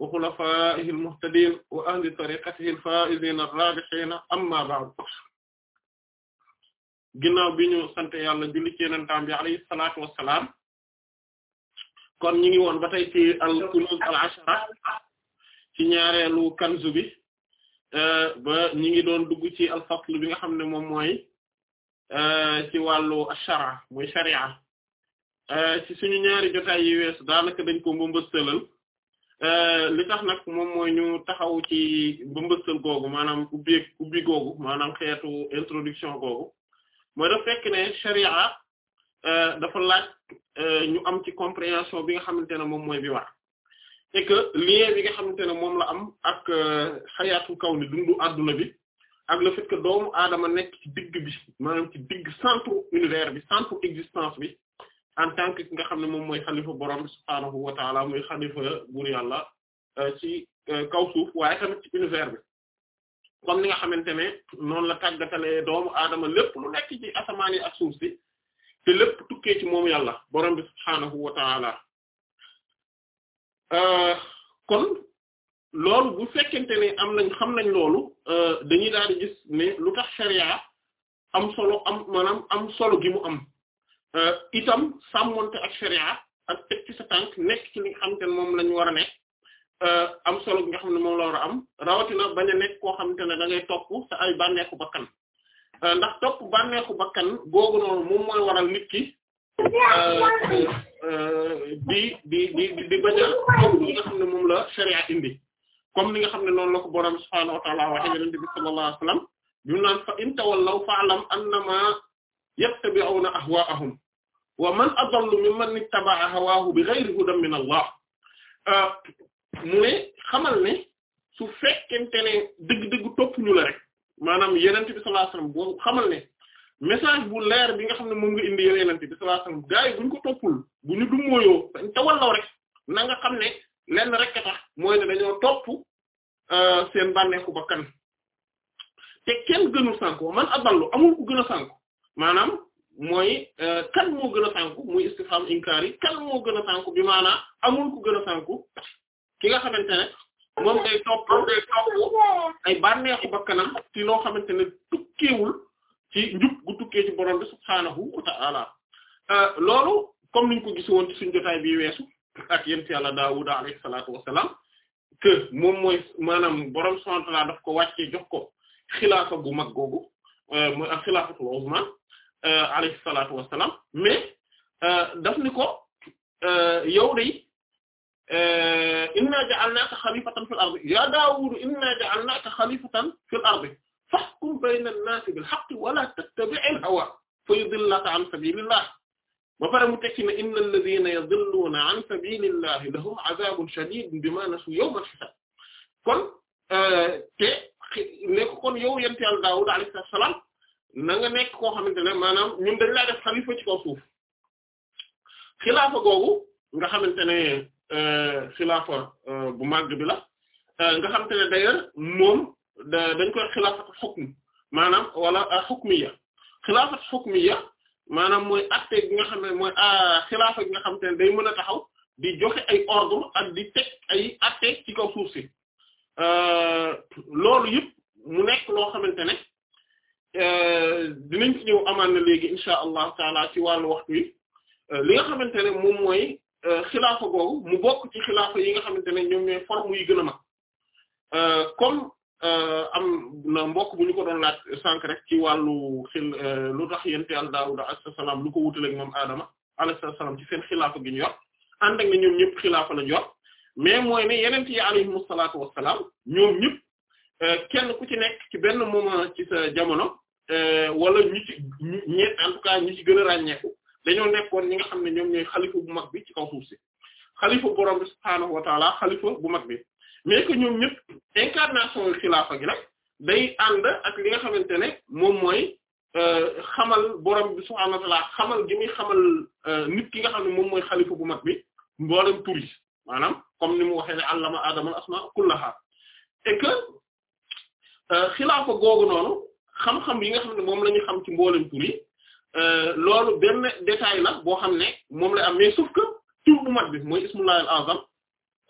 wa xulafaa'ihi al-muhtadiin wa ahli tariqatihi al-faa'iziina ar-raabihiina amma ba'd ginnaaw bi ñu sant yàlla julli ci yonentam bi alayhi salaatu kon ñu ngi woon ba tey ci al-kunuuz al-ashara ci ñaareelu kanzu bi euh, ba ñu ngi doon dugg ci al-fasl bi nga xam ne moom mooy euh, ci wàllu ash mooy sharia euh, ci suñu ñaari jotaay yi weesu daanaka dañ ko mbëmbëstalal. Euh, li tax nag moom mooy ñu taxaw ci bëmbëstal googu maanaam ubbi ubbi googu maanaam xeetu introduction googu mooy dafa fekk ne sharia euh, dafa laaj euh, ñu am ci compréhension bi nga xamante ne moom mooy bi war et que lien bi nga xamante ne moom la am ak xayaatul kaw ni dundu àdduna bi ak le fait que doomu aadama nekk ci digg bi maanaam ci digg centre univers bi centre existence bi en tant que ki nga xam ne moom mooy xalifa borom subhaanahu wa taala muy xalifa buur yàlla euh, ci euh, kaw suuf waaye tamit ci univers bi comme ni nga xamante ne noonu la tàggatalee doomu aadama lépp lu nekk ci asamaan yi te lépp tukkee moom yàlla borom bi wa taala euh, kon loolu bu fekkente ne am nañ xam nañ loolu dañuy daal gis ne lu tax sharia am solo am maanaam am solo gi am Euh, itam sàmmonte ak sharia ak teg ci sa tànk nekk ci li nga xamante moom lañu ñu war a nekk euh, am solo bi nga xam ne moom la war a am rawatina bañ a nekk koo xamante ne da ngay topp te ay bànneexu bakkan euh, ndax topp bànneexu bakkan googu noonu moom mooy waral nit di di di di bañ a topp li nga xam ne moom la sharia indi comme li nga xam ne noonu la ko borom subhaanahu wa ta'aala waxee yonent bi sallallaahu alayhi wa sallam bi fa in tawallaw yattabi'una ahwaa'ahum wa man adallu mimman ittaba'a hawaahu bighayri hudan min Allah mu ne xamal ne su fekkente ne dëgg-dëgg topp ñu la rek maanaam yenente bi sallallahu alayhi wasallam xamal ne message bu leer bi nga xam ne moom nga indi yow yenente bi sallallahu alayhi wasallam gars ko toppul bu ñu dummóoyoo ta wallaw rek na nga xam ne lenn rek a tax mooy ne dañoo topp euh, seen bànneeku bakkan te kenn gënu sànk man adallu amul ku gën a sànk maanaam mooy euh, kan moo gën a sànku muy istifham inkaar kan moo gën a sànku bi maanaam amul ku gën a sànku ki nga xamante ne moom day topp day topp ay bànneexu bakkanam ci loo xamante ne tukkeewul ci njub gu tukkee ci borom bi subhaanahu wa ta'ala euh, loolu comme niñ ko gis woon ci suñ jotaay bi weesu ak yéen ci yàlla Daawuda alayhi salaatu wa salaam moom mooy maanaam borom subhaanahu daf ko wàccee jox ko xilaafa gu mag googu euh, mooy ak xilaafatul uzma Euh, alayhi salaatu wassalaam mais euh, daf ni ko euh, yow day inna ja'alnaka xalifatan fil ardi ya Daawudu inna ja'alnaka xalifatan fil ardi fahkum bayna an-naasi bil haqqi wa laa tattabi'il hawaa fa yudillaka an sabilillah ba pare mu tekki ne inna alladhina yadhilluna an sabilillahi lahum adhabun shadidun bima nasu yawmal hisab kon te ne ko kon yow yent yàlla Daawuda alayhi salaam na nga nekk koo xamante ne maanaam ñun dañ laa def xalifa ci kaw suuf xilaafa googu nga xamante ne euh, xilaafa euh, bu màgg bi la euh, nga xamante ne d'ailleurs moom dañ koy xilaafat xukm maanaam wala xukmiya xilaafat xukmiya maanaam mooy acte gi nga xam ne mooy xilaafa gi nga xamante ne day mën a taxaw di joxe ay ordre ak di teg ay acte ci kaw suuf si loolu yëpp mu nekk loo xamante ne Euh, dinañ ci ñëw amaan na léegi insha allahu taala ci wàllu waxtu wi euh, li nga xamante ne moom mooy euh, xilaafa googu mu bokk ci xilaafa yi nga xamante ne ñoom ñooy forme yi gën a mag comme am na mbokk bu ñu ko doon laaj sànq rek ci wàllu xil lu tax yente al Daawuda a salaam lu ko wutaleeg moom Adama alayhi salaam ci seen xilaafa gi ñu yor ànd ak ne ñoom ñëpp xilaafa lañu yor mais mooy ne yenent yi alayhimu salaatu ñoom ñëpp kenn ku ci nekk ci benn moment ci sa jamono Euh, wala ñi ci ñe en tout cas ñi ci gën a ràññeeku dañoo nekkoon ñi nga xam ne ñoom ñooy xalifa bu mag bi ci kaw suuf si xalifa borom bi subhaanahu wa xalifa bu mag bi mais que gi nag day ànd li nga xamante ne moom mooy euh, xamal borom bi xamal gi muy xamal euh, nit ki nga xam ne moom mooy xalifa bu mag bi mboolem touriste maanaam comme ni mu waxee ne allama adama asma kullaha et que xilaafa googu noonu xam-xam yi nga xam ne moom la ñu xam ci mboolem tur yi euh, loolu benn détail la boo xam ne moom la am mais sauf que tur bu mag bi mooy ismullahi al azam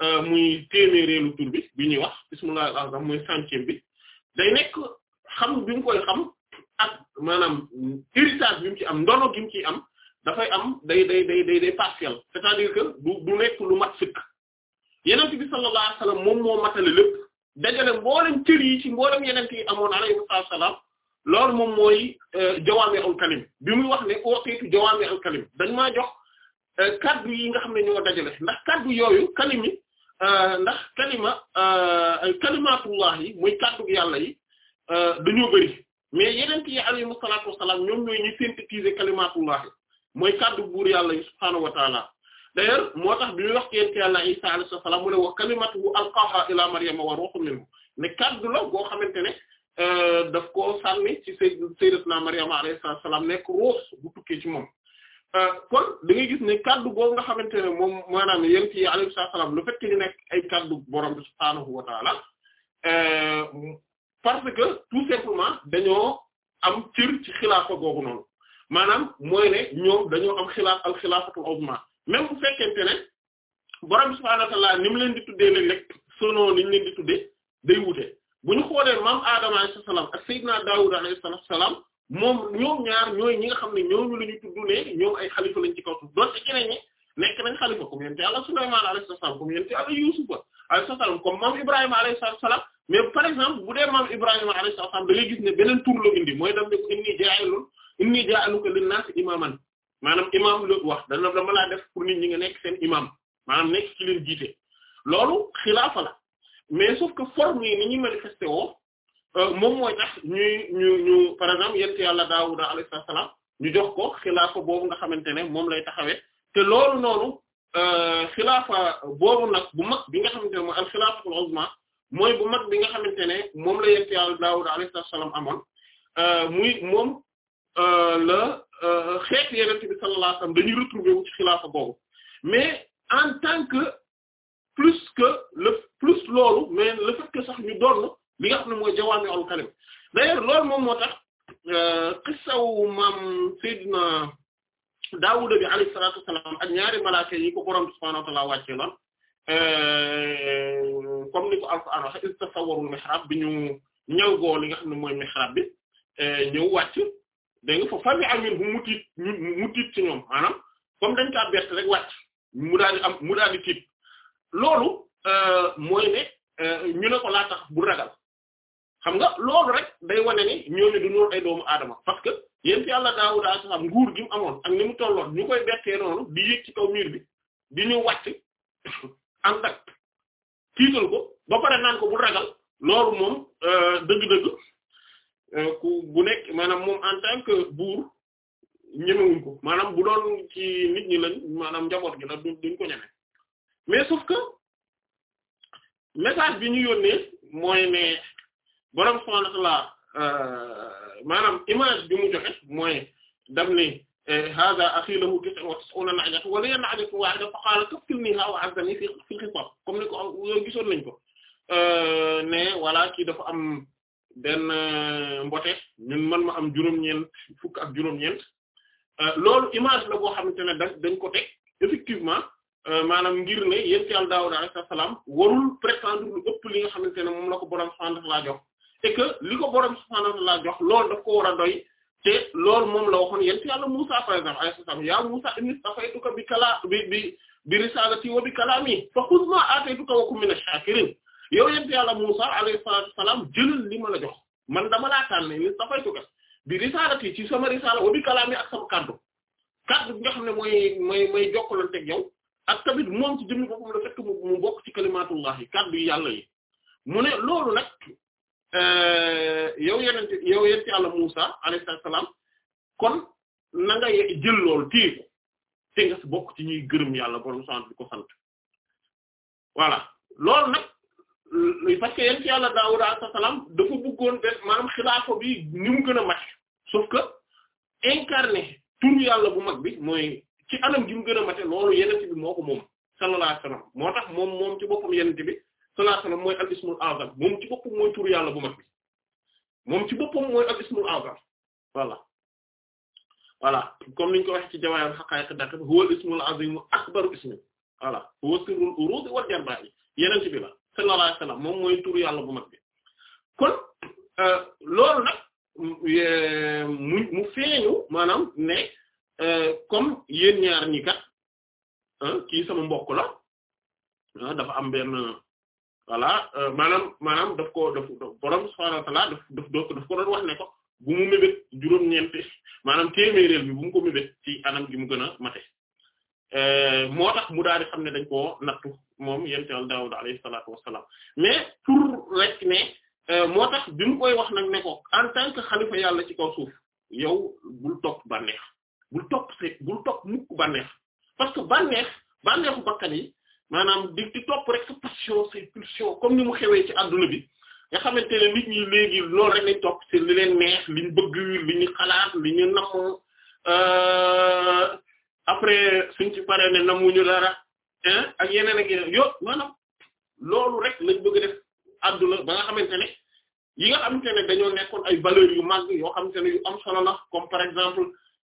euh, muy téeméereelu tur bi bi ñuy wax ismullahi al azam mooy centième bi day nekk xam bi mu koy xam ak maanaam héritage bi mu ci am ndono gi mu am dafay am day day day day day partiel cest du du nekk lu mat sëkk yenent bi sallallahu alayhi wasallam moom moo matale lépp dajale mboolem cër yi ci mboolem yenent yi amoon alayhi wasallam loolu moom mooy euh, jawaami'ul kalim bi muy wax ne ootiitu jawaami'ul kalim dañ maa jox euh, kaddu yi nga xam ne ñoo dajale ndax kaddu yooyu kalimi euh, ndax kalima kalimaatullah yi muy kaddu yàlla yi dañoo bëri mais yeneen yi alayhimu salaatu wassalaam ñoom ñooy ñu synthétiser kalimaatullah yi mooy kaddu buur yàlla yi subhaanahu wa ta'aala d'ailleurs moo tax bi muy wax ci yent yàlla Isa alayhi salaam mu ne wa kalimatuhu wa ruuhun ne kaddu la boo xamante ne Euh, daf ko sànni ci sayyidatuna Maryam alayhi salaam nekk ruux bu tukkee ci moom euh, kon da gis ni kaddu googu nga xamante ne moom maanaam yent yi alayhi salaam lu fekk ni nekk ay kaddu borom bi subhaanahu wa euh, parce que tout simplement dañoo am cër ci xilaafa googu noonu maanaam mooy ne ñoom dañoo am xilaaf al xilaafatul uzma même bu fekkente ne borom bi subhaanahu wa taala ni mu leen di tuddee léeg-léeg sono ni ñu day wute. bu ñu xoolee maam Adama alayhi salaam ak Seydina Daawud alayhi salaam moom ñoom ñaar ñooy ñi nga xam ne ñi nekk nañ xalifa comme yonent Yàlla Sulaymaan alayhi salaam comme yonent Yàlla Yuusufa alayhi salaam comme maam Ibrahima alayhi salaam mais par exemple Ibrahima alayhi salaam da ngay gis ne beneen tur mooy daf ne inni jaa'ilun inni jaa'iluka lin-naasi imaaman maanaam imaam la wax dana dama laa def pour nit ñi nga nekk seen imaam maanaam nekk ci leen jiite loolu xilaafa la mais sauf que forme yi ni ñuy manifesté woo euh, moom mooy tax ñuy ñu ñu par exemple yent yàlla Daawuda alayhi salaam ñu jox ko xilaafa boobu nga xamante ne moom lay taxawe te loolu noonu euh, xilaafa boobu nag bu mag bi nga xamante ne mooy al xilaafatul uzma mooy bu mag bi nga xamante ne moom la yent yàlla salaam amoon euh, muy moom la xeet yeneen bi sallallahu alayhi wasallam retrouver wu ci xilaafa boobu mais en tant que plus que le plus loolu mais le fait que sax ñu doon li nga xam ne mooy jawaami ol kalim d'ailleurs loolu moom moo tax xissawu euh, maam Seydina Daawuda bi alayhi salaatu ak ñaari malaaka yi ko borom subhaanahu wa ta'aala wàcce loon euh, comme ni ko Alxuraan waxe iz tasawwarul mihrab bi ñu ñëw goo li nga xam ne mooy mihrab bi euh, ñëw wàcc dégg nga fa fazi'a minhum mu tiit ci ñoom maanaam comme dañ kaa bett rek wàcc mu daal am mu daal di loolu euh, mooy ne euh, ñu ne ko laa tax bu ragal xam nga loolu rek day wane ni ñooñu du ñoo ay doomu aadama parce que yéen ci yàlla Daawuda alayhi salaam nguur gi mu amoon ak ni mu tolloon ñu koy bettee noonu di di ñu wàcc ànd ak ko ba pare naan ko bu ragal loolu moom euh, dëgg-dëgg bu nekk maanaam moom en tant que buur ñemewuñ ko maanaam bu doon ci nit ñi lañ maanaam njaboot gi la duñ ko ñeme mais sauf que message bi ñu yónnee mooy ne borom subhaanahu wa ta'aala euh, maanaam image bi mu joxe mooy daf ni eh, haaza axii lahu tis'un wa tis'uuna na'jatan wa liya na'jatun waahida fa qaala kafilniihaa wa 'azzanii fil ni ko yooyu gisoon nañ ko euh, ne voilà kii dafa am benn euh, mbote ñun man ma am juróom-ñeent fukk ak juróom-ñeent loolu image la boo xamante ne dañ ko effectivement. Euh, maanaam ngir ne yénti yàlla Daawuda alayhi salaam warul prétendre lu ëpp li nga xamante ne moom la ko borom subhaanahu wa ta'aala jox et que li ko borom subhaanahu wa ta'aala jox loolu daf ko war a doy te loolu moom la waxoon yénti yàlla Muusaa par exemple alayhi salaam yaa Muusaa inni stafaytuka bi kalaa bi bi bi risaalati wa bi kalaami fa khudh ma aataytuka wa kun mina shaakiriin yow yénti yàlla Muusaa alayhi salaatu salaam jëlal li ma la jox man dama laa tànn inni stafaytuka bi risaalati ci sama risaala wa bi kalaami ak sama kaddu kaddu bi yow ak tamit moom ci jëmmi boppam la fekk mu bokk ci kalimaatullah kàddu yàlla yi mu ne loolu nag euh, yow yeneen yow yéen ci àlla Musa alayhi salaam kon na nga jël loolu téye te nga si bokk ci ñuy gërëm yàlla borom sant bi ko sant voilà loolu nag. parce que ci yàlla Daawuda alayhi salaam dafa bëggoon def maanaam xilaafa bi ni gën a mat sauf que incarné tur yàlla bu mag bi mooy ci anam gi mu gën a mate loolu yenent bi moo ko moom sallallahu alayhi wasallam moo tax moom moom ci boppam yenent mooy al yàlla bu mag bi moom ci boppam mooy al ismul azam voilà voilà comme niñ ko wax ci jawaayam xaqaayiq daq huwa al ismul azim akbaru ismi voilà huwa sirrul urud wal jarba yi yenent bi la sallallahu alayhi moom mooy turu yàlla bu mag bi kon euh, loolu nag euh, mu mu feeñu maanaam ne Euh, comme yéen ñaar ñi kat kii sama mbokk la dafa am benn voilà euh, maanaam maanaam daf ko daf borom subhaanahu wa ta'aala daf daf daf ko doon wax ne ko mébét juróom-ñeenti maanaam téeméeréel bi bu mu ko mébét ci anam gi mu gën a mate euh, moo tax mu daal xam ne dañ ko nattu moom yent yàlla Daawuda alayhi salaatu wassalaam mais pour rek ne moo tax bi koy wax nag ne ko en tant que xalifa yàlla ci kaw suuf yow bul topp bànneex bul topp see bul topp mukk bànneex parce que ba bànneexu bakkan yi maanaam di di topp rek sa passion say pulsion comme ni mu xewee ci àdduna bi nga xamante ne nit ñi léegi loolu rek lañ topp li leen neex li bëgg li ñu xalaat li ñu namm euh, après suñ ci paree ne namuñu dara ak yeneen ak yeneen yo maanaam loolu rek lañ bëgg def àdduna ba nga xamante ne yi nga xamante ne dañoo nekkoon ay valeurs yu mag yoo xamante ne yu am solo la comme par exemple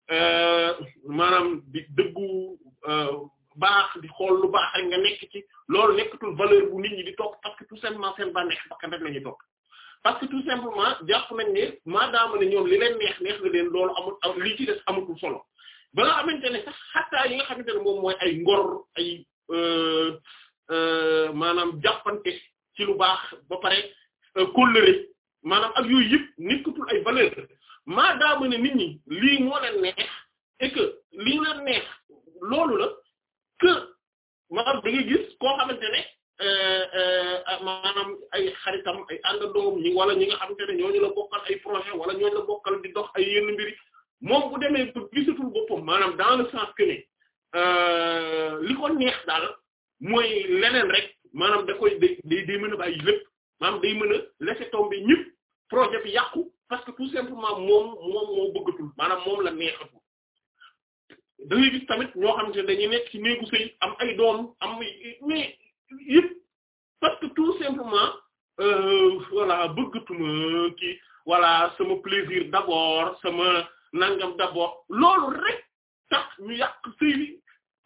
Euh, maanaam di dëggu euh, baax di xool lu baax rek nga nekk ci loolu nekkatul valeur bu nit ñi di topp parce que tout simplement seen ba neex bakkan rek que tout simplement jàpp nañ ne maadaama ne ñoom li leen neex neex na leen loolu amul lii ci des amatul solo ba nga xamante ne sax xattaa yi nga xamante ne moom mooy ay ngor ay euh, maanaam jàppante ci lu baax ba pare kóllëre maanaam ak yooyu yëpp nekkatul ay valeur maadaama ne nit ñi lii moo leen neex et que lii leen neex loolu la que maanaam da ngay gis koo xamante ne euh, euh, maanaam ay xaritam ay àndandoom ñi wala ñi nga xamante ne ñooñu la bokkal ay projet wala ñooñu la bokkal di dox ay yenn mbiri moom bu demee bu gisatul boppam maanaam dans le sens que ne euh, li ko neex daal mooy leneen rek maanaam da koy day day mën a bàyyi lépp maanaam day mën a laisser tomber ñëpp projet bi yàqu parce que tout simplement moom moom moo bëggatul maanaam moom la neexatul da ngay gis tamit ñoo xamante ne dañuy nekk ci néegu sëy am ay doom am mais yëpp parce que tout simplement euh, voilà bëggatuma ki voilà sama plaisir d'abord sama nangam d'abord loolu rek tax ñu yàq sëy bi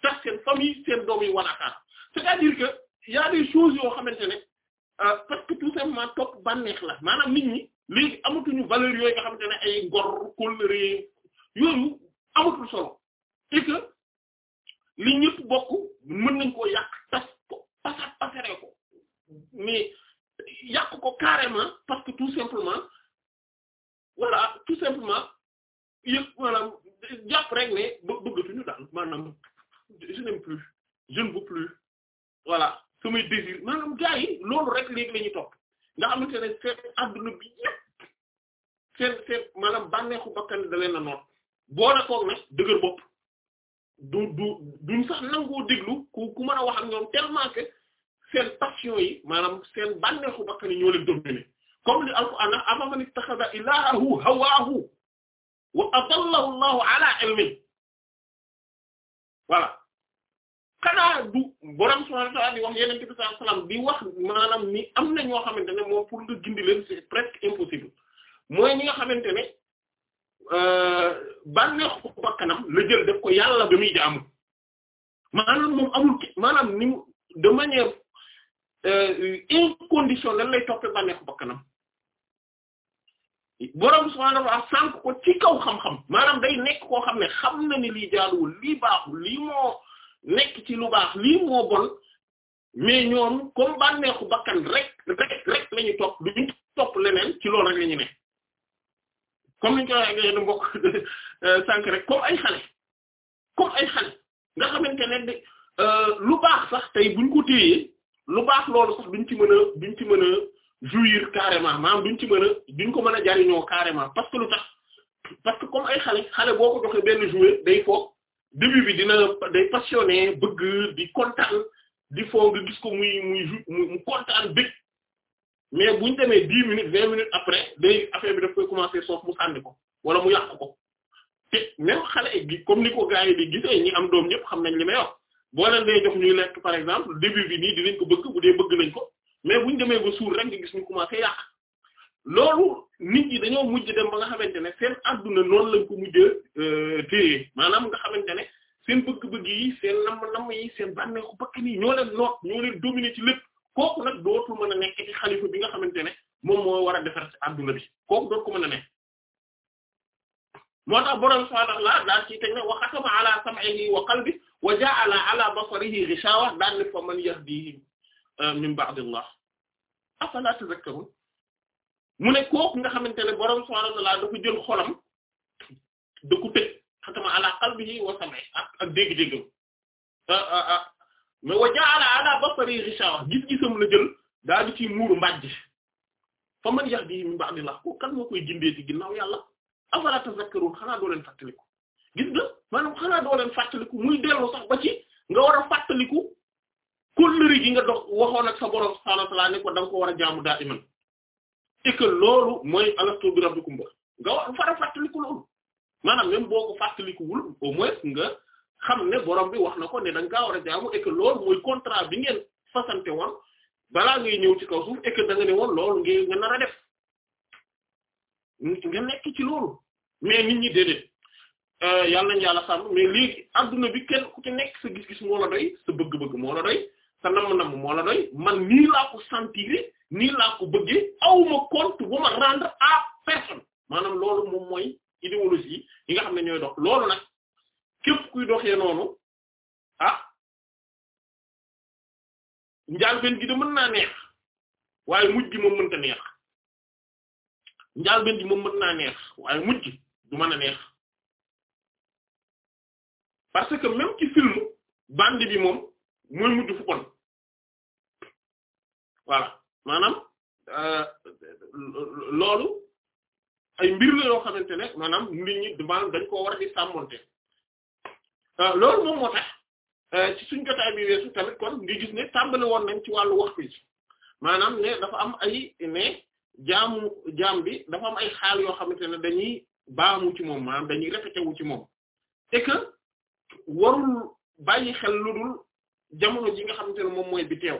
tax seen famille seen doom yi walaakaar c'est-à-dire que y a des choses yoo xamante ne euh, parce que tout simplement topp bànneex la maanaam nit ñi léegi amatuñu valeur yooyu nga xamante ne ay ngor kóllëre yooyu amatul solo et que li ñëpp bokk mën nañ koo yàq tas ko pasat ko mais yàq ko carrément parce que tout simplement voilà tout simplement yëpp maanaam jàpp rek ne bëggatuñu daal maanaam je n'aime plus je ne veux plus voilà samay désir maanaam gars loolu rek léegi la ñuy topp nga xamante ne seen adduna bi yëpp seen seen maanaam bànneexu bakkan da leen a noon boole koog nag dëgër bopp du du duñ sax nangoo déglu ku ku mën wax ak ñoom tellement que seen passion yi maanaam seen bànneexu bakkan yi ñoo leen dominer comme li alquran afa man ittaxada ilaahu hawaahu wa adallahu allahu ala ilmi voilà xanaa du borom subhaanahu wa ta'aala di wax bi sallallahu alayhi wasallam wax maanaam ni am na ñoo xamante ne moom pour nga gindi leen c'est presque impossible mooy ñi nga xamante ne euh, bànneexu bakkanam la jël def ko yàlla ba muy jaamu maanaam moom amul ki maanaam ni de manière euh, inconditionnelle lay toppee bànneexu bakkanam borom subhaanahu wa ta'aala sànq ko ci kaw xam-xam maanaam day nekk koo xam ne xam na ni lii jaaduwul lii baaxul lii moo. nekk ci lu baax lii moo bon mais ñoom comme bànneexu bakkan rek rek rek la ñu topp leneen ci loolu rek la ñu ne comme niñu ko waxee nga mbokk euh, sànq rek ay nga xamante ne de euh, lu baax sax tey buñ ko téyee lu baax loolu sax ci mën a duñ ci mën a jouir carrément maanaam duñ ci mën a ko mën a jariñoo carrément parce que lu tax parce que comme ay xale xale boo ko joxee benn jouet day foog début bi dina day passionné bëgg di kontaan di foo nga gis ko muy muy mu kontaan bëgg mais bu ñu demee dix minutes vingt minutes après day affaire bi daf koy commencer soof mu sànni ko wala mu yàq ko te même xale gi comme ni ko gars yi di gisee ñi am doom ñëpp xam nañ li may wax boo leen day jox exemple début bi nii dinañ ko bëgg bu dee bëgg nañ ko mais bu ñu demee ba suur rek nga gis ñu commencer yàq loolu nit dañoo mujj dem ba nga xamante ne seen adduna lañ ko euh, maanaam nga xamante ne seen bëgg-bëgg yi seen namm-namm yi seen bànneexu bakkan yi ñoo leen ñoo leen dominer ci lépp kooku nag dootul mën a nekk ci xalifa bi nga xamante ne moom moo wara a defar ci adduna bi kooku dootu ko mën a nekk moo tax boroom subhaanahu wa ta'aala daal ci teg ne wa xatama ala sam'ihi wa qalbi wa ja'ala ala basarihi ghishawa daal ne fa man yahdihi euh, min ba'dillah afala tadhakkarun mu ne kooku nga xamante ne borom subhaanahu wa ta'aala dafa jël xolam da ko tëj xatama ala qalbihi wa sam'i ak ak dégg-déggam ah, ah, ah. mais wa ja'ala ala basari ghishawa gis-gisam la jël daal di ci muuru mbàjj fa man yahdihi min ba'dillah ko kan moo koy jindee ci ginnaaw yàlla afala tazakkarun xanaa doo leen fàttaliku gis nga maanaam xanaa doo leen fàttaliku muy dellu sax ba ci nga war a fàttaliku kóllëre gi nga dox waxoon ak sa borom subhaanahu wa ta'aala ne ko ko war a jaamu daa iman et que loolu mooy alastu bi rabbikum ba nga wax fara fàttaliku loolu maanaam même boo ko fàttalikuwul au moins nga xam ne borom bi wax na ko ne da ngaa war a jaamu et loolu mooy contrat bi ngeen fasante woon balaa ngay ñëw ci kaw suuf et que da nga ne woon loolu ngay nga nar a def nga nekk ci loolu mais nit ñi déedéet euh, yàlla nañu yàlla sàmm mais léegi adduna bi kenn ku ci nekk sa gis-gis moo la doy sa bëgg-bëgg moo la doy sa namm-namm moo la doy man nii nii laa ko bëggee awma compte bu ma rendre à personne maanaam loolu moom mooy idéologie yi nga xam ne ñooy dox loolu nag képp kuy doxee noonu ah njaalbeen gi da mën naa neex waaye mujj du mën a neex parce que même ci film bandi bi moom mooy mujj fu kon voilà maanaam euh, loolu ay mbir yoo xamante ne maanaam nit ñi maanaam dañ koo war di sàmmonte euh, loolu moom moo tax euh, ci suñ jotaay bi weesu tamit kon nga ne tàmbali woon nañ ci wàllu waxtu yi maanaam ne dafa am ay ne jaamu jaam bi dafa am ay xaal yoo xamante ne dañuy baamu ci moom maanaam dañuy répété wu ci moom et que warul bàyyi xel lu dul jamono ji nga xamante ne moom mooy bi teew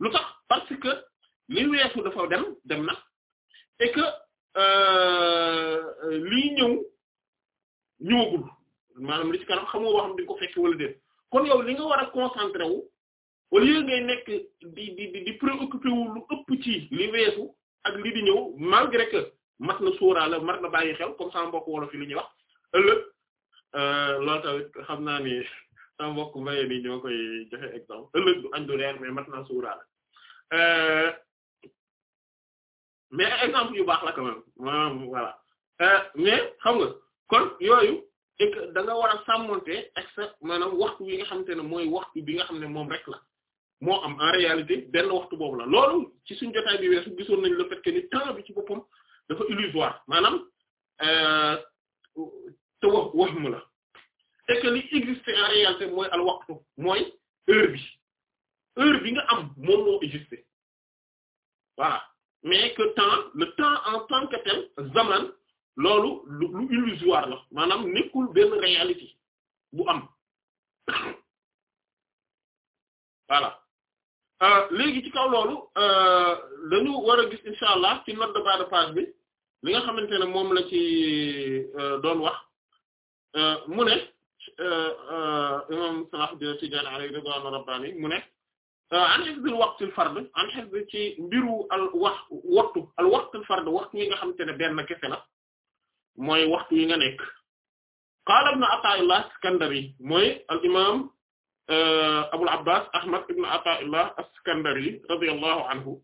lu tax parce que li weesu dafa dem dem na et que euh, lii ñëw ñëwagul maanaam li ci kanam xamoo boo di ko fekk wala déet kon yow li nga war concentré wu au lieu ngay nekk di di di préoccupé wu lu ëpp ci li weesu ak li di ñëw malgré que mat na sóoraale mat na bàyyi xel comme sama mbokk wolof yi li ñuy wax ëllëg euh, loolu tamit xam naa ni sama mbokk mbayee ni ñoo koy joxe exemple ëllëg du añ du mais mat na sóoraale euh, mais exemple yu baax la quand même maanaam voilà euh, mais xam nga kon yooyu et que da sàmmonte ak maanaam waxtu mooy waxtu bi nga xam ne moom rek la moo am en réalité benn waxtu boobu la loolu ci suñ jotaay bi weesu gisoon nañ la fait que ni temps bi ci boppam dafa illusoire maanaam euh, te wax wax la et que li existe en réalité mooy al waxtu mooy heure bi heure bi nga am moom moo existe voilà mais que temps le temps en tant que tel zaman loolu lu illusoire la maanaam nekkul benn réalité bu am voilà euh, léegi ci kaw loolu euh, dañu war gis incha allah ci note de bas de bi li nga xamante ne moom la ci euh, doon wax mu ne mu ne Euh, an hizbil waqtil fard an hizb ci mbiru al wax waxtu al waqtil fard waxtu yi nga xamante ne benn kese la mooy waxtu yi nga nekk qaala ibn Ata'illah Iskandari mooy al imaam euh, Abul Abbas Ahmad ibn Ata'illah Iskandari radiyallahu anhu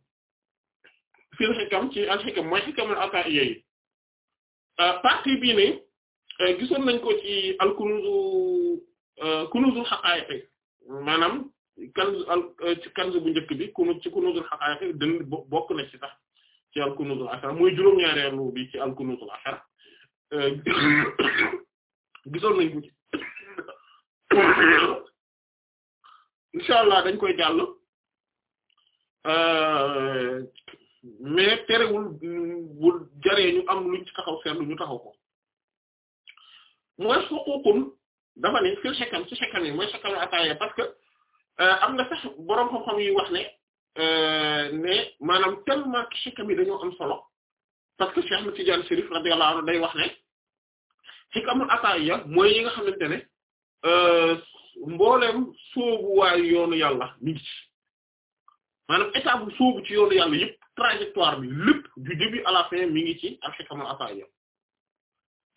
fil xikam ci al xikam mooy xikamul ata'iyya yi euh, partie bii ne gisoon nañ ko ci al kunuzu kunuzul haqaa'iq maanaam kanz al euh, ci kanz bu njëkk bi kunuz ci kunuzul haqaa'iq dën bokk na ci sax ci al kunuzul ashara muy juróom-ñaareelu bi ci al kunuzul ashara euh, gisoon nañ ko ci allah dañ koy jàll euh, mais terewul bu jaree ñu am luñ taxaw seetlu ñu taxaw ko mooy suqukun dafa ne fil xekkan ci xekkan yi mooy xekkan ataaya parce que Euh, am na sax boroom xam yi wax ne euh, ne maanaam tellement que xikam dañoo am solo parce que Cheikh Ahmed Tidiane Chérif radiyallahu anhu day wax ne xikamul ataya mooy yi nga xamante ne euh, mbooleem sóobu waayu yoonu yàlla mi ngi ci maanaam étape bu sóobu ci yoonu yàlla yëpp trajectoire bi lépp du début à la fin mi ngi ci ak xikamul ataya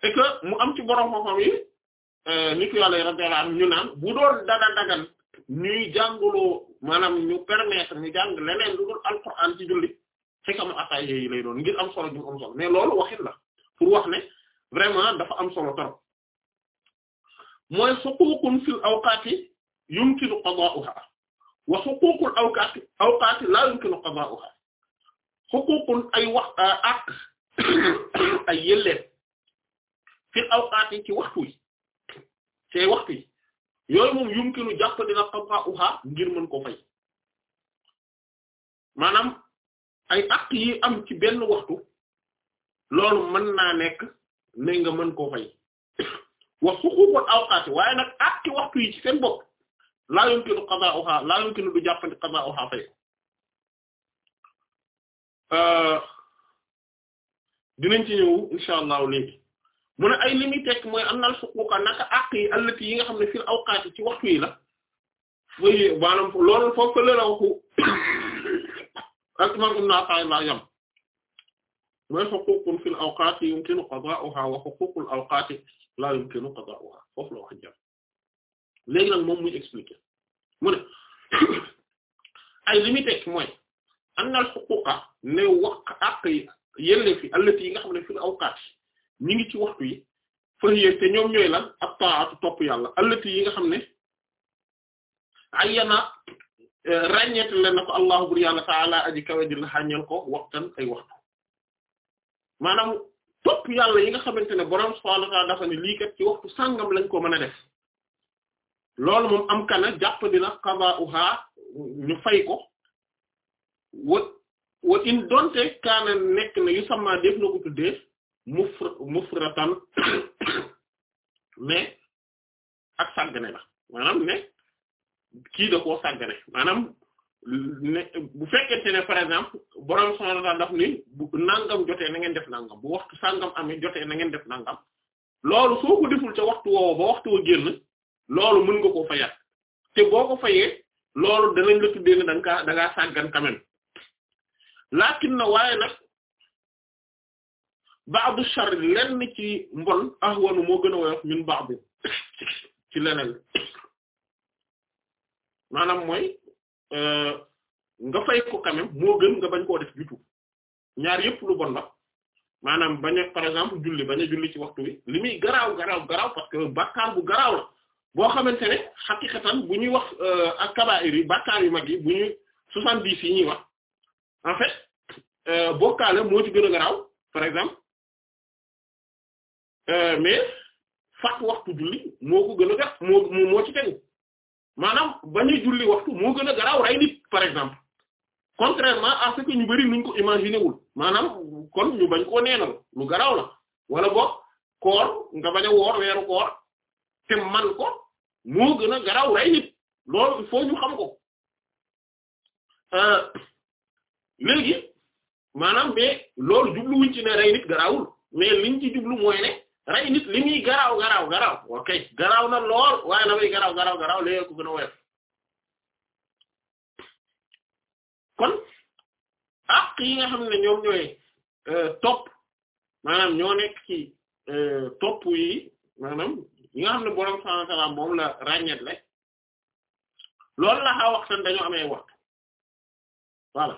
c'est que mu am ci boroom xam yi nitu yàlla yi radiyallahu anhu ñu naan bu doon dada dagan ñuy jàngaloo maanaam ñu permettre ñu jàng leneen lu dul alxuraan ci julli xikamu attaayé yi lay doon ngir am solo ñu am solo mais loolu waxit la pour wax ne vraiment dafa am solo trop mooy xuququn fil awqaati yumkinu qadaa'uha wa xuququl awqaati awqaati laa yumkinu qadaa'uha xuququn ay wax ak ay yelleef fil awqaati ci waxtu yi te yooyu moom yumkinu jàpp dina xawxa uxaa ngir mën ko fay maanaam ay àq yi am ci benn waxtu loolu mën naa nekk ne nga mën koo fay wax xuquuqul awqaati waaye nag àqi waxtu yi ci seen bopp laa yumkinu qadaa'uha laa yumkinu du jàppandi qadaa'uha fay euh, dinañ ci ñëw insha allahu léegi mu ay li mooy am na xuquqa naka àq yi yi nga xam ne fil awqaati ci waxtu yi la muy loolu foofu la la waxu ak man um naa faay laa yam mooy xuququn fil awqaati yumkinu qada'uha wa xuququl awqaati laa yumkinu qada'uha foofu la wax jàmm léegi nag moom muy expliquer mu ay li mooy am na xuquqa ne wax àq yi yelle fi allati yi nga xam ne fil awqaati ñi ngi ci waxtu yi fëyee te ñoom ñooy lan ab taatu topp yàlla allati yi nga xam ne ayyana euh, ràññeete leen na ko allahu bur yàlla aji kawe la xàññeel ko waxtaan ay waxtu maanaam topp yàlla yi nga xamante ne borom subhaanahu wa dafa ne lii ci waxtu sàngam lañ ko mën a def loolu moom am kana jàpp dina qada'uha ñu fay ko wa in donte kaana nekk na yu sama def na ko tuddee mufra mufratan mais ak sàggane la maanaam ne kii da koo sàggane maanaam ne bu fekkente ne par exemple borom sonal daal daf ni nangam jotee na ngeen def nangam bu waxtu sàngam amee jotee na ngeen def nangam loolu soo ko deful ca waxtu woowu ba waxtu wa génn loolu mën nga koo fayaat te boo ko fayee loolu danañ la tuddee ne da nga kaa da na waaye nag. ba'du shar lenn ci mbon ahwanu moo gën a woyof min ba'du ci leneen maanaam mooy euh, nga fay ko quand même moo gën nga bañ koo def jutu ñaar yëpp lu bon la maanaam bañ par exemple julli bañ a julli ci waxtu bi li muy garaaw garaaw garaaw parce que bàkkaar bu garaaw boo xamante ne xaqiqatan bu ñuy wax euh, ak kabaa'ir yi bàkkaar yu mag yi bu ñuy soixante-dix yi ñuy wax en fait euh, bokkaale moo ci gën a garaaw par exemple Euh, mais fat waxtu julli moo ko gën a gat moo moo ci tegu maanaam bañ a julli waxtu moo gën a garaaw rey par exemple contrairement à ce ñu bari nuñ ko imaginer wul maanaam kon ñu bañ koo neenal lu garaaw la wala boog koor nga bañ a woor weeru koor te man ko moo gën a garaaw rey nit loolu il faut ñu xam ko euh, léegi maanaam mais loolu jubluwuñ ci ne garaawul mais liñ ci jublu mooy rey nit li muy garaaw garaaw garaaw ok garaaw na ko gën a woyof kon ak yi nga xam ne ñoom ñooy euh, topp maanaam ñoo nekk ci euh, topp yi maanaam yi nga xam ne borom subhanahu wa moom la ràññeet le loolu xaa waxtan dañoo amee waxtu voilà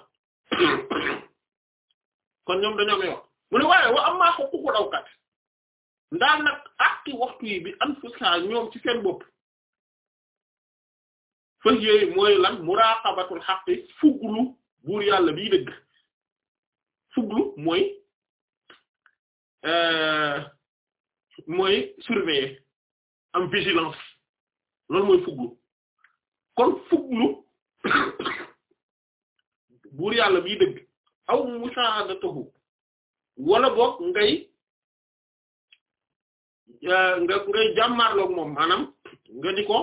kon ñoom dañoo amee waxtu mu ne waaye wa am maa xuququl awqat ndaal nag àtti waxtu yi bi an fusa ñoom ci seen bopp fa yooyu mooy lan muraqabatul haqqi fuglu buur yàlla bii dëgg fuglu mooy euh, mooy surveiller am vigilance loolu mooy fuglu kon fuglu buur yàlla bii dëgg aw musaadatuhu wala boog ngay Euh, nga ngay jàmmarloog moom maanaam nga di ko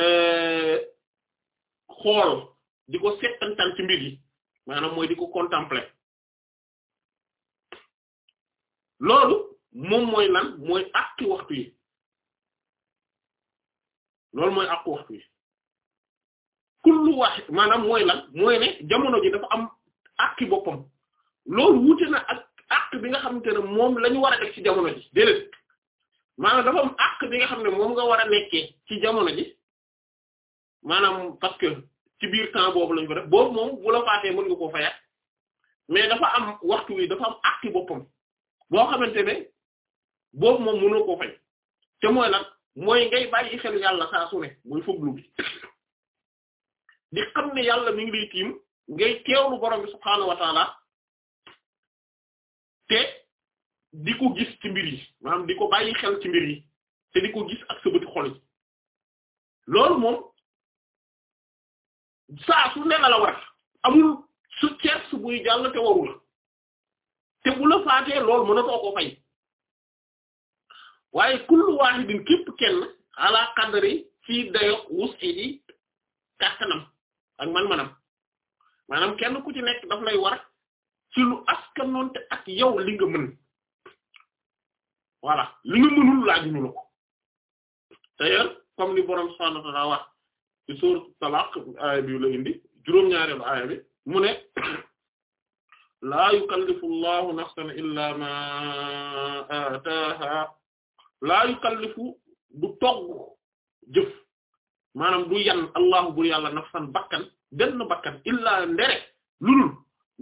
euh, xool di ko settantal ci maanaam mooy di ko contempler loolu moom mooy lan mooy àqi waxtu yi loolu mooy àqu waxtu yi kullu waxtu maanaam mooy lan mooy ne jamono ji dafa am àqi boppam loolu wute na ak àq bi nga xamante ne moom la ñu war a jamono ji déedéet maanaam dafa am àq bi nga xam ne moom nga war a nekkee ci jamono ji maanaam parce ci biir temps boobu lañ ko def boobu moom bu la faatee mën nga koo fayaat mais dafa am waxtu wi dafa am àqi boppam boo xamante ne boobu moom mënoo koo fay te mooy lan mooy ngay bàyyi xelu yàlla saa su ne muy foglu bi di xam ne yàlla mi ngi lay tiim ngay teewlu borom bi subhaanahu wa te diko ko gis ci mbir yi maanaam di bàyyi xel ci mbir yi te di gis ak sa bët loolu moom saa su ne la war amul su ceeb buy jàll te warul te bu la faatee loolu mënatoo ko fay waaye kullu wahidin képp kenn ala qadri ci dayo wus i di kàttanam ak man-manam maanaam kenn ku ci nekk daf lay war ci lu askanoonte ak yow li nga mën voilà li nga mënul laajuñu la ko d'ailleurs comme ni borom subhaanahu wa ta'aala wax ci sourate Talaq aaya bi la indi juróom-ñaareelu aaya bi mu ne laa yukallifu Allahu nafsan illaa maa aataaha laa yukallifu du togg jëf maanaam du yan Allahu bu yàlla nafsan bakkan benn bakkan illaa ndere lulul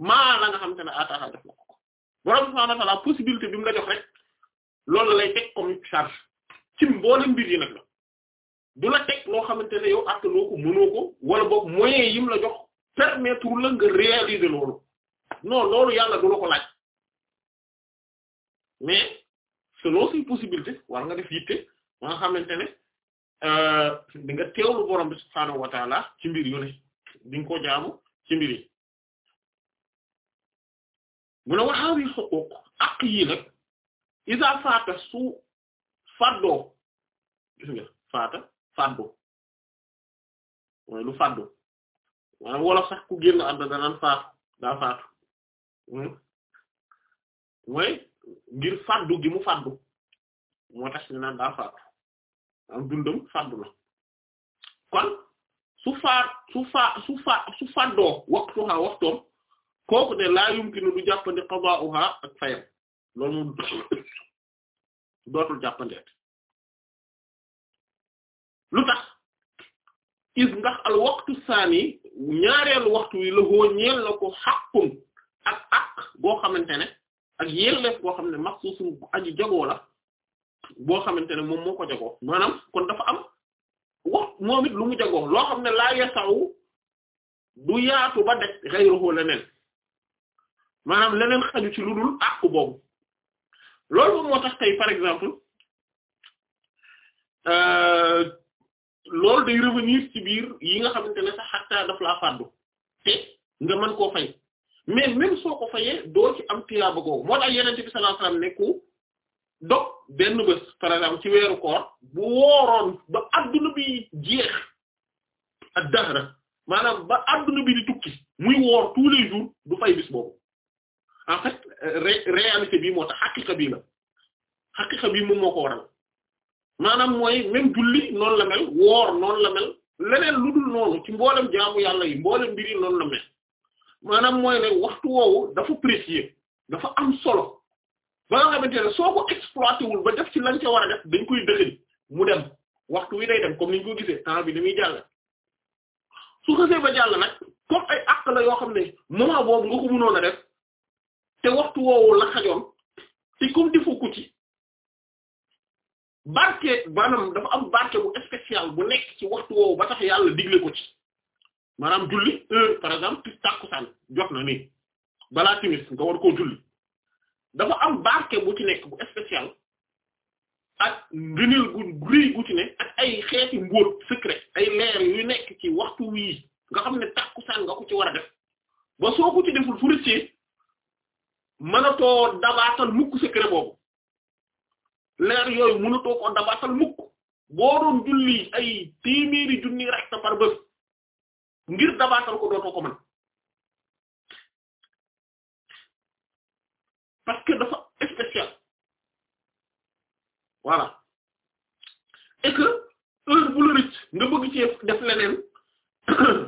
maa la nga xam te ne aataaha def na ko borom subhaanahu wa ta'aala possibilité bi mu la jox rek. loolu lay teg comme charge ci mboolem mbir yi nag la du la teg loo xamante ne yow attanoo ko mënoo wala boog moyens yim la jox permettre la nga réaliser loolu non loolu yàlla du la laaj mais selon ses possibilités war nga def yitte ba nga xamante ne euh, di nga teewlu borom bi subhaanahu wa taala ci mbir yu ne ko jaamu ci mbir yi mu ne waxaawi xuquuq ak yi nag isa faata su faddoo gis nga faata lu faddo maanaam wolof sax ku génn àdduna danaan faatu daa faatu hmm? mooy ngir faddu gi mu faddu moo tax ñu naan daa faatu am dundam faddu la kon su faat su fa su fa su faddoo waxtuha waxtoom kooku ne laa yumkinu du jàppandi qada'uha ak fayam loolu moom dootul jàppandeet lu tax is ndax al waxtu saani ñaareelu waxtu wi ñeel la ko xàqum ak ak boo xamante ne ak yelleef boo xam ne maxsuusum jagoo la boo xamante ne moom moo ko jagoo maanaam kon dafa am wax moom it jagoo loo xam ne laa yasaw du yaatu ba daj xayruhu leneen maanaam leneen xaju ci lu dul àq boobu loolu moo tax tey par exemple euh, loolu day revenir ci biir yi nga xamante ne sax xattaa daf laa fàddu te nga mën koo fay mais même soo ko fayee doo ci am tiyaaba googu moo tax yeneen bi sallallahu alayhi wasallam dog benn bés par exemple ci weeru koor bu wooroon ba adduna bi jeex ak dahra maanaam ba adduna bi di tukki muy woor tous les jours du fay bis boobu en fait réalité bii moo tax xaqiqa bii la xaqiqa moom moo ko waral maanaam mooy même julli noonu la mel woor noonu la mel leneen lu dul noonu ci mboolem jaamu yàlla yi mboolem mbiri noonu la mel maanaam mooy ne waxtu woowu dafa précieux dafa am solo ba nga xamante ne soo ko lañ ca war dañ koy dëxëñ mu dem waxtu wi day dem comme bi dañuy jàll su xasee ba jàll yoo xam ne moment boobu nga ko mënoon a def te waxtu woowu la xajoon te comme defu ko ci barke maanaam dafa am barke bu spécial bu nekk ci waxtu woowu ba tax yàlla digle ko ci maanaam julli par exemple tis tàkkusaan jot na nii balaa timis nga war koo julli dafa am barke bu ci nekk bu spécial ak ngëneel gu ci ne ak ay xeeti mbóot secret ay leer yu nekk ci waxtu wii nga xam ne tàkkusaan nga ko ci war def ba soo ko ci deful fu rëccee mënatoo dabaatal mukk secret boobu leer yooyu mënatoo koo dabaatal mukk boo doon julli ay téeméeri junni rakka par bés ngir dabaatal ko dootoo ko mën parce que dafa spécial voilà et que heure bu nga bëgg ci def leneen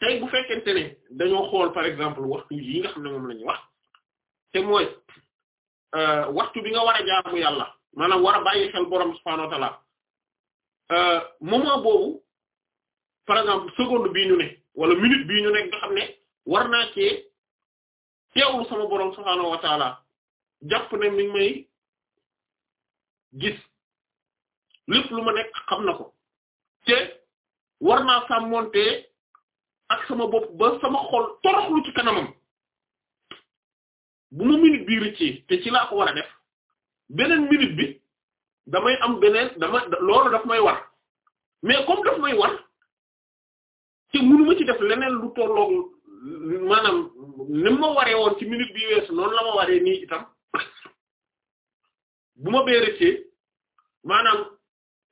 tey bu fekkente ne dañoo xool par exemple waxtu yi nga xam ne moom la ñuy wax te mooy euh, waxtu bi nga war a jaamu yàlla maanaam war bàyyi xel borom subhaanahu wa ta'aala euh, moment boobu par exemple seconde bi ñu ne wala minute bii ñu ne nga xam ne war naa cee teewlu sama borom subhaanahu wa ta'aala jàpp ne mi may gis lépp lu ma nekk xam na ko te war naa sàmmonte ak sama bopp ba sama xol toroxlu ci kanamam. bu ma minute bi rëccee te ci laa ko war a def beneen minute bi damay am beneen dama loolu daf may war mais comme daf may war te mënuma ci def leneen lu tolloog maanaam ni ma waree woon ci minute bi weesu noonu la ma waree nii itam bu ma bee rëccee maanaam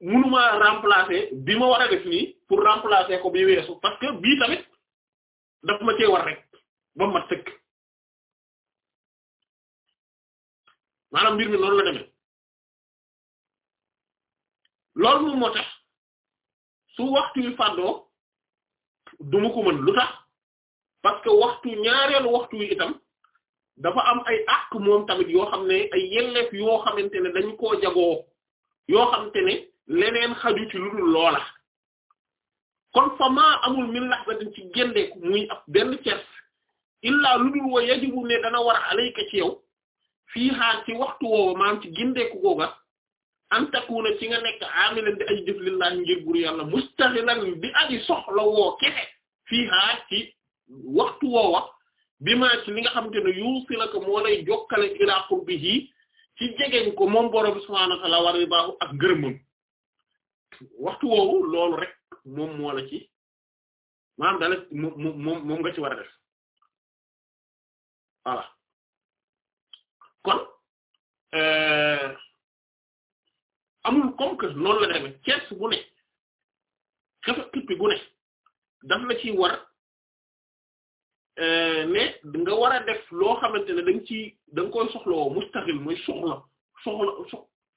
mënuma remplacer bi ma war a def nii pour remplacer ko bi weesu parce que bii tamit daf ma cee war rek ba mat sëkk maanaam mbir mi noonu la demee loolu moom moo su waxtu wi fàddoo duma ko mën lu tax parce waxtu ñaareelu waxtu itam dafa am ay àq moom tamit yoo xam ne ay yelleef yoo xamante ne dañu koo jagoo yoo xamante ne leneen xaju ci lu dul loola kon fa maa amul min lahzatin ci géndeeku muy ab benn ceeb illaa lu dul wa yajibu ne dana war alayka ci yow fii xaar ci waxtu woowu maam ci gindeeku googa an takuna ci nga nekk amilan di aji jëf lillahi ngir bur yàlla mustaxilan di aji soxla woo kexe fii ci waxtu woowa bi ma ci li nga xamante ne yusilaka moo lay jokkale ila qurbihi ci jegeñ ko moom borom subhaanahu wa ta'ala war yi baaxu ak waxtu woowu loolu rek moom moo la ci maam dala moom moom nga ci war a kon euh, amul comme que noonu la demee ceeb bu ne xefa kippi gu ne daf la ciy war euh, ne nga war a def loo xamante ne da nga ciy da nga koy soxlawoo mooy soxla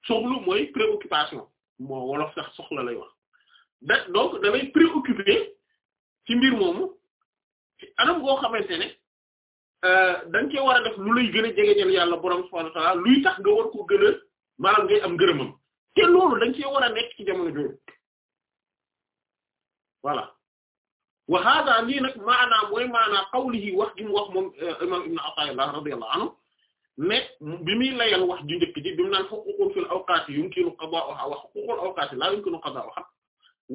soxlu mooy préoccupation moo wolof sax soxla lay wax da donc da préoccupé ci mbir moomu anam goo xamante ne Euh, danga cee war a def lu lay gën a jegeñal yàlla borom subhaanahu wa ta'aala luy tax nga war ko gën a maanaam ngay am ngërëmam te loolu danga cee war a nekk ci jamono jooju voilà wa hada lii nag maanaam mooy maanaam qawlihi wax gi mu wax moom euh, imam ibn Ata'illah radiyallahu anhu mais bi muy layal wax ju njëkk ji bi mu naan huququn fil awqati yumkinu qada'uha wa huququl awqati la yumkinu qada'uha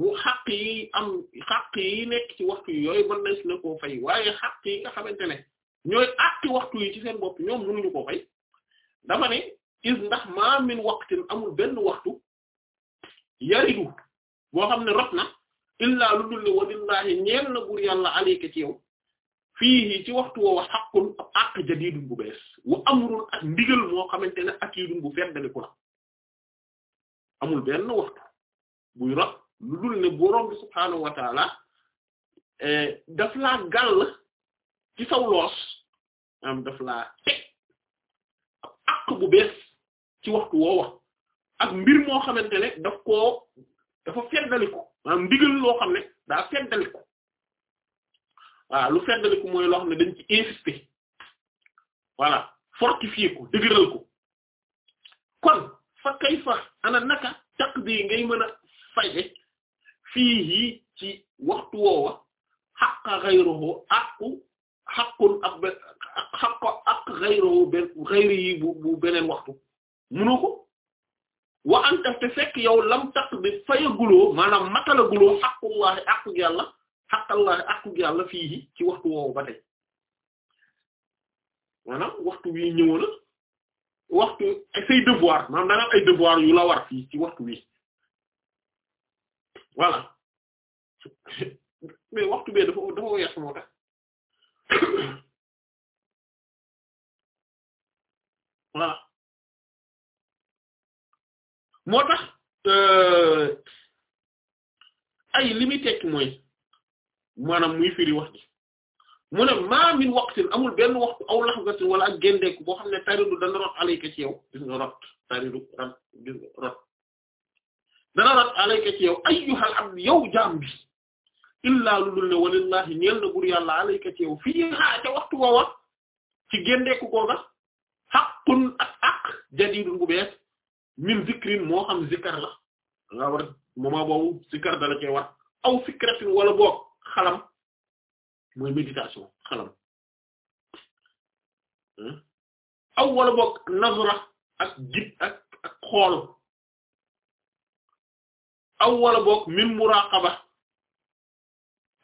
wu xaq yi am xaq yi nekk ci waxtu yooyu mën nañ si na koo fay waaye xaq yi nga xamante ne ñooy àtti waxtu yi ci seen bopp ñoom mënuñu ko fay dama ne is ndax maa min waqtin amul benn waxtu yaridu boo xam ne rot na illaa lu dul ne walillahi ñeel na buur yàlla alayka ci yow fii ci waxtu woowa xaqun ab àq jadiidun bu bees wa amrun ak ndigal moo xamante ne akiidun bu feddaliku la amul benn waxtu buy rot lu dul ne borom subhaanahu wa taala eh, daf laa gàll ci saw loos am daf laa teg ak bu bees ci waxtu woowa ak mbir moo xamante ne daf koo dafa feddaliku maanaam ndigal loo xam daa feddaliku voilà lu feddaliku mooy loo xam ne dañ ci insister voilà fortifier ko dëgëral ko kon fa kayfa ana naka taqdi ngay mën a faje fii yi ci waxtu woowa xaqa ghayruhu aqu xaqun ak ak xam ko ak xayro bu beneen waxtu munu ko wa anta te fekk yow lam taq bi fayaguloo maanaam matalaguloo xaqullahi aqu yàlla xaqallahi aqu yàlla fii ci waxtu woowu ba tey maanaam waxtu wi ñëw na waxtu say devoir maanaam da ay devoir yu la war fii ci waxtu wi voilà mais waxtu bee dafa dafa wees moo tax voilà moo tax euh, ay li muy tekki mooy muy firi wax mu ne maa min waqtin amul benn waxtu aw lahzatin wala ak géndeeku boo xam ne taridu dana rot alayka ci yow gis nga rot taridu dana rot alayka ci yow ayyuhal abd yow jaam bi illaa lu ne walillahi ñeel na bur alayka ci yow fii haa ca waxtu woowa ci géndeeku googa xaqun ak aq jadidun bu bees min zikrin moo xam zikar la nga war moment boobu zikar dala cee war aw fikratin wala boog xalam mooy méditation xalam hmm? aw wala boog nazra ak gib ak ak xool aw wala boog min muraqaba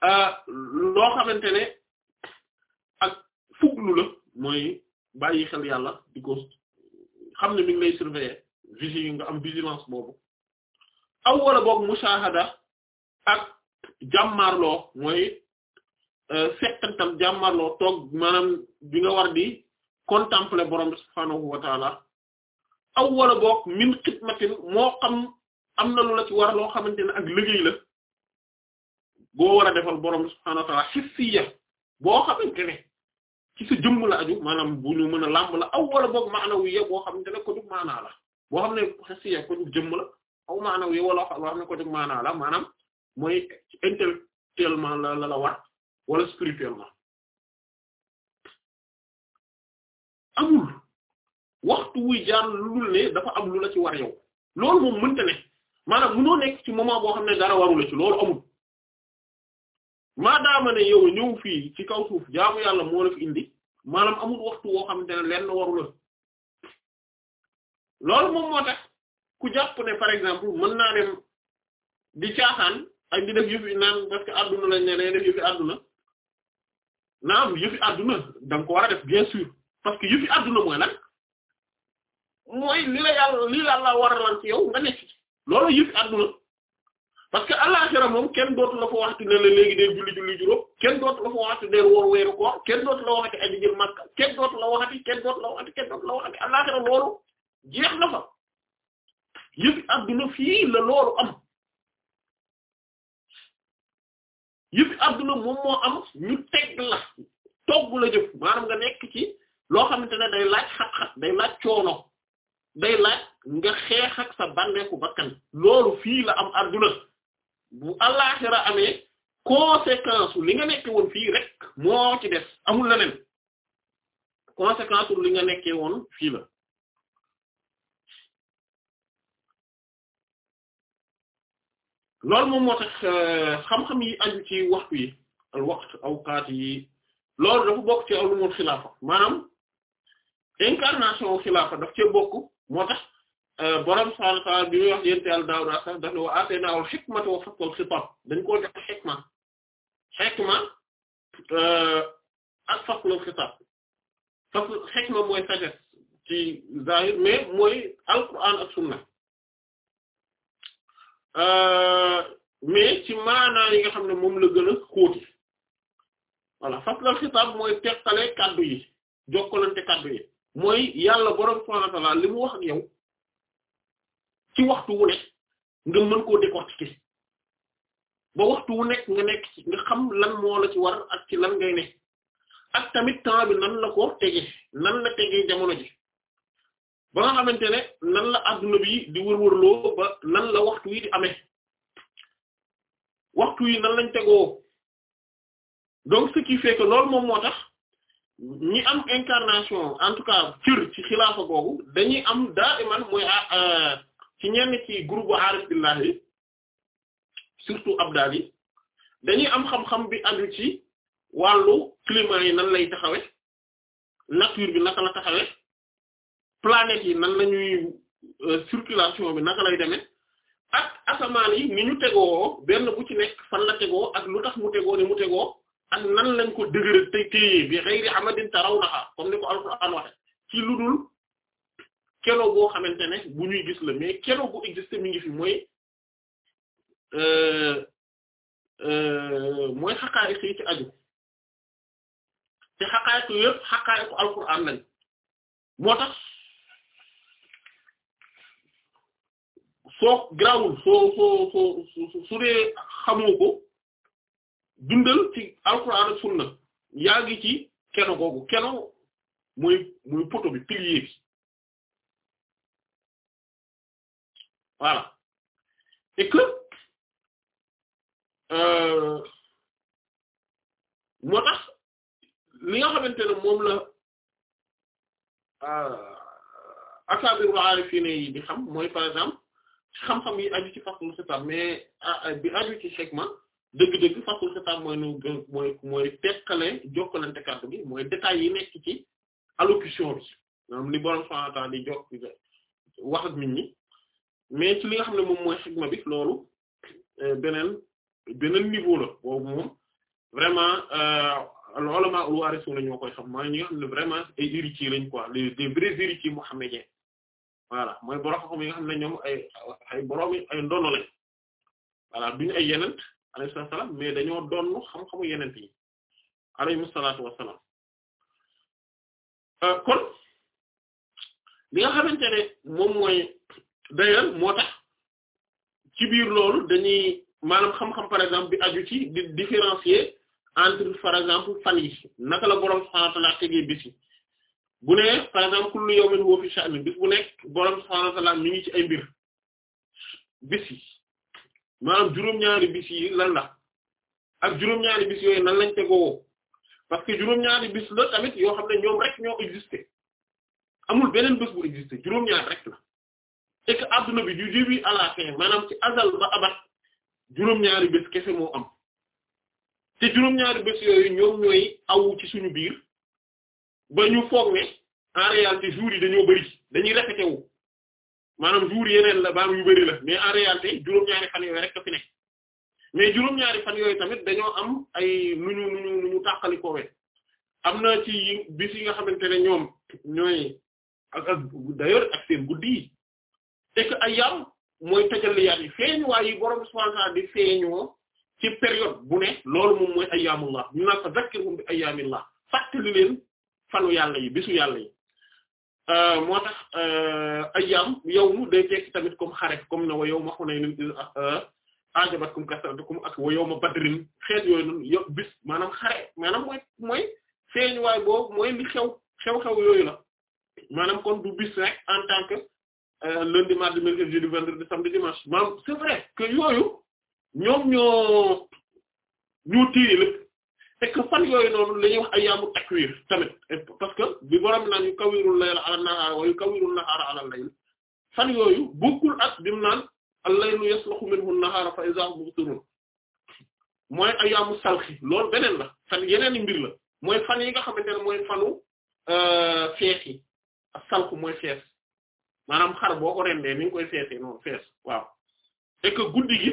euh, loo xamante ne ak fuglu la mooy bàyyi xel yàlla di xam ne mi ngi lay surveiller vigile nga am vigilance boobu aw boog mushahada ak jàmmarloo mooy fekkantal euh, jàmmarloo toog maanaam bi nga war di contempler borom bi subhaanahu wa taala aw wala boog min moo xam am na lu la ci war loo xamante ne ak liggéey la boo war a defal borom bi subhaanahu boo xamante ci sa jëmm la aju maanaam bu ñu mën a làmb la aw boo xamante ne ko boo xam ne xasiya ko jug la aw xam ne ko jug maanaa la maanaam mooy intellectuellement la la la war wala spirituellement amul waxtu wuy jaar lulul ne dafa am lu la ci war yow loolu moom mënta ne maanaam mënoo nekk ci moment boo xam ne dara waru la loolu amul maadaama ne yow ñëw fi ci kaw suuf jaamu yàlla moo fi indi maanaam amul waxtu woo xamante ne lenn waru la loolu moom moo tax ku ne par exemple mën naa dem di caaxaan ak di def yëfi naan parce que àdduna lañ ne day def yëfi àdduna naam yëfi àdduna da nga bien sûr parce que yëfi àdduna mooy lan mooy li la yàlla li la la war a lan ci parce que àllaxira moom kenn dootu la fa waxti ne la léegi deel julli julli juróom kenn dootu la fa waxti deel woor weeru koor kenn dootu la waxati aji jël Makka kenn dootu la waxati kenn dootu la waxati kenn dootu la waxati àllaxira loolu jeex na fa yëfi adduna fii la loolu am yëfi adduna moom moo am ñu teg la togg la jëf maanaam nga nekk ci loo xamante ne day laaj xat-xat day laaj coono day laaj nga xeex sa bànneeku bakkan bu àllaaxira amee conséquence li nga nekkee woon fii rek moo ci des amul leneen conséquence li nga nekkee woon fii la loolu moom moo tax euh, xam-xam yi aju ci waxtu yi al waxtu yi loolu dafa bokk ci awlu moon xilaafa maanaam incarnation xilaafa daf cee bokk moo tax Euh, borom subhaanahu wa bi muy wax yénte àl Daawuud sax daf ne wa aataynaahul hikmata wa fassal xitaab dañ koo jox xikma xikma euh, ak faslul xitaab fasl xikma mooy sagesse ci zahir mais mooy euh, xam ne moom la gën a faslal xitaab mooy teqale kaddu yi jokkalante kaddu yi mooy yàlla borom subhaanahu wa ta'aala li mu wax ak yow ci waxtu wu nekk nga nekk ci nga xam lan moo la ci war ak ci lan ngay nekk ak tamit temps bi nan la ko tege nan la tegee jamono ji ba nga xamante ne nan la adduna bi di wërwërloo ba nan la waxtu yi di amee waxtu yi nan lañ tegoo donc ce qui fait moom moo tax ñi am incarnation en tout cas cër ci xilaafa googu dañuy am daa iman mooy ah ci ñenn ci groupe aarif billah yi surtout abdaal yi dañuy am xam-xam bi aju ci wàllu climat yi nan lay taxawe nature bi naka la taxawe planète yi nan lañuy euh, circulation bi naka lay demee ak asamaan yi ni ñu tegoo benn bu ci nekk fan la tegoo ak lu tax mu tegoo ni mu tegoo ak nan lañ ko dëgëral tey am bi xëyri amadin tarawnaha comme ni ko alquran waxe ci lu dul keno boo xamante ne bu ñuy gis la mais keno bu existé mi fi mooy euh, euh, mooy xaqaayiq yi ci aju te xaqaayiq yëpp xaqaayiqu alquran lañ moo tax soo grawul soo soo su dee xamoo ko dundal ci alquran ak sunna yaa ngi ci keno googu keno mooy mooy poto bi pilier bi voilà et que euh, moo tax li nga xamante ne moom la euh, akaabiru aarifiina yi di xam mooy par exemple xam-xam yi aju ci faslu xitaab mais euh, aju ci xikma dëgg-dëgg faslu xitaab mooy nu mooy mooy tekkale jokkalante kàddu gi mooy détails yi nekk ci allocution bi maanaam li borom subhaanahu wa ta'aala di wax ak nit ñi mais ci li nga xam ne moom mooy xigma bi loolu euh, beneen beneen niveau la boobu moom vraiment euh, ulama ul waarisu la ñoo koy xam maa ñi xam ne vraiment ay héritiers lañ quoi les les vrais héritiers mohammediens voilà mooy xam xam ne ñoom ay ay borom ay ndono lañ voilà duñu ay yeneen alayhi salaam mais dañoo xam-xamu yeneen yi alayhi salaatu euh, kon li nga xamante ne moom mooy d'ailleurs moo tax ci biir loolu dañuy maanaam xam-xam par exemple bi aju ci di différencier entre par exemple fan yi naka la boroom subhaanahu tegee bis yi bu par exemple kullu yawmin huwa fi sha'n bis bu nekk boroom subhaanahu mi ngi ci ay mbir bis yi maanaam juróom-ñaari bis yi lan la ak juróom-ñaari bis yooyu nan lañ tegoo parce que juróom-ñaari bis la tamit yoo xam ne ñoom rek ñoo existé amul beneen bés bu existé juróom-ñaar rek et que adduna bi du début à la fin ci azal ba abat juróom-ñaari bés kese moo am te juróom-ñaari bés yooyu ñoom ñooy awu ci suñu biir ba ñu foog ne en réalité yi dañoo bari dañuy répété wu maanaam jours yeneen la baam yu bari la mais en réalité juróom-ñaari fan yooyu rek ka fi nekk mais juróom-ñaari fan yooyu tamit dañoo am ay nu ñu nu ñu nu ñu tàqali am na ci bis yi nga xamante ne ñoom ñooy ak ak d'ailleurs ak seen guddi et que ay yar mooy tajalliyaat yi feeñ waaye yi borom subhaanahu wa ta'aala di feeñoo ci période bu loolu moom mooy ayyaamullah ñu naan fa zakkirhum bi ayyaamillah fàttali leen fanu yàlla yi bisu yàlla yi euh, moo tax euh, ayyaam yawmu day tekki tamit comme xare comme ne wa yawma hunaynin iz euh, a'jabatkum kasratukum ak wa yawma badrin xeet yooyu noonu yëpp bis maanaam xare maanaam mooy mooy feeñuwaay boobu mooy li xew xew-xew yooyu la maanaam kon du bis rek Euh, lundi mardi mercredi jeudi vendredi samedi dimanche maanaam c'est vrai que yooyu ñoom ñoo ñoo téye lépp parce que bi naan yu kawirul layla ala nahaar wa yu kawirul nahaara ala layl fan yooyu bokkul ak bim naan laylu yasluhu minhu an-nahaara fa idha mubsirun mooy ay yaamu salxi loolu beneen la fan yeneen i mbir la mooy fan yi nga xamante mooy fanu euh, feex yi salxu mooy feex maanaam xar boo ko rendee ni nga koy feesee noonu fees waaw et guddi gi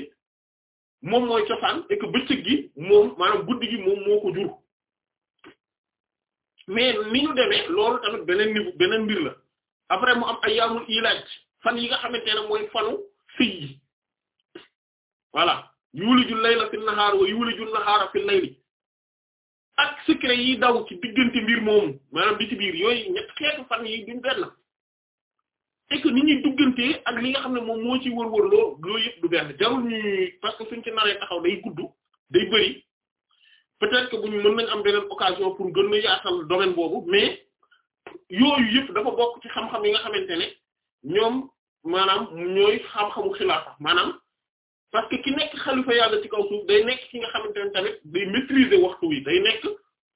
moom mooy cosaan et bëccëg gi moom maanaam guddi gi moom moo ko jur mais ni ñu demee loolu tamit beneen niveau beneen mbir la après mu am ay yaamul ilaaj fan yi nga xamante ne mooy fanu sëy yi voilà yuuliju layla fi nahaar wa yuuliju nahaara fi layli ak secret yi daw ci diggante mbir moomu maanaam bi ci biir yooyu ñett xeetu fan yi duñ benn et ni ñuy duggantee ak li nga xam ne moom moo ci wër-wër loo loolu yëpp du benn jarul ñuy parce que suñ ci naree taxaw day gudd day bëri peut-être que buñ mën nañ am beneen occasion pour gën a yaatal domaine boobu mais yooyu yëpp dafa bokk ci xam-xam yi nga xamante ne ñoom maanaam ñooy xam-xamu xilaafa maanaam parce que ki nekk xalifa yàlla ci kaw suuf day nekk ki nga xamante ne tamit day maîtriser waxtu wi day nekk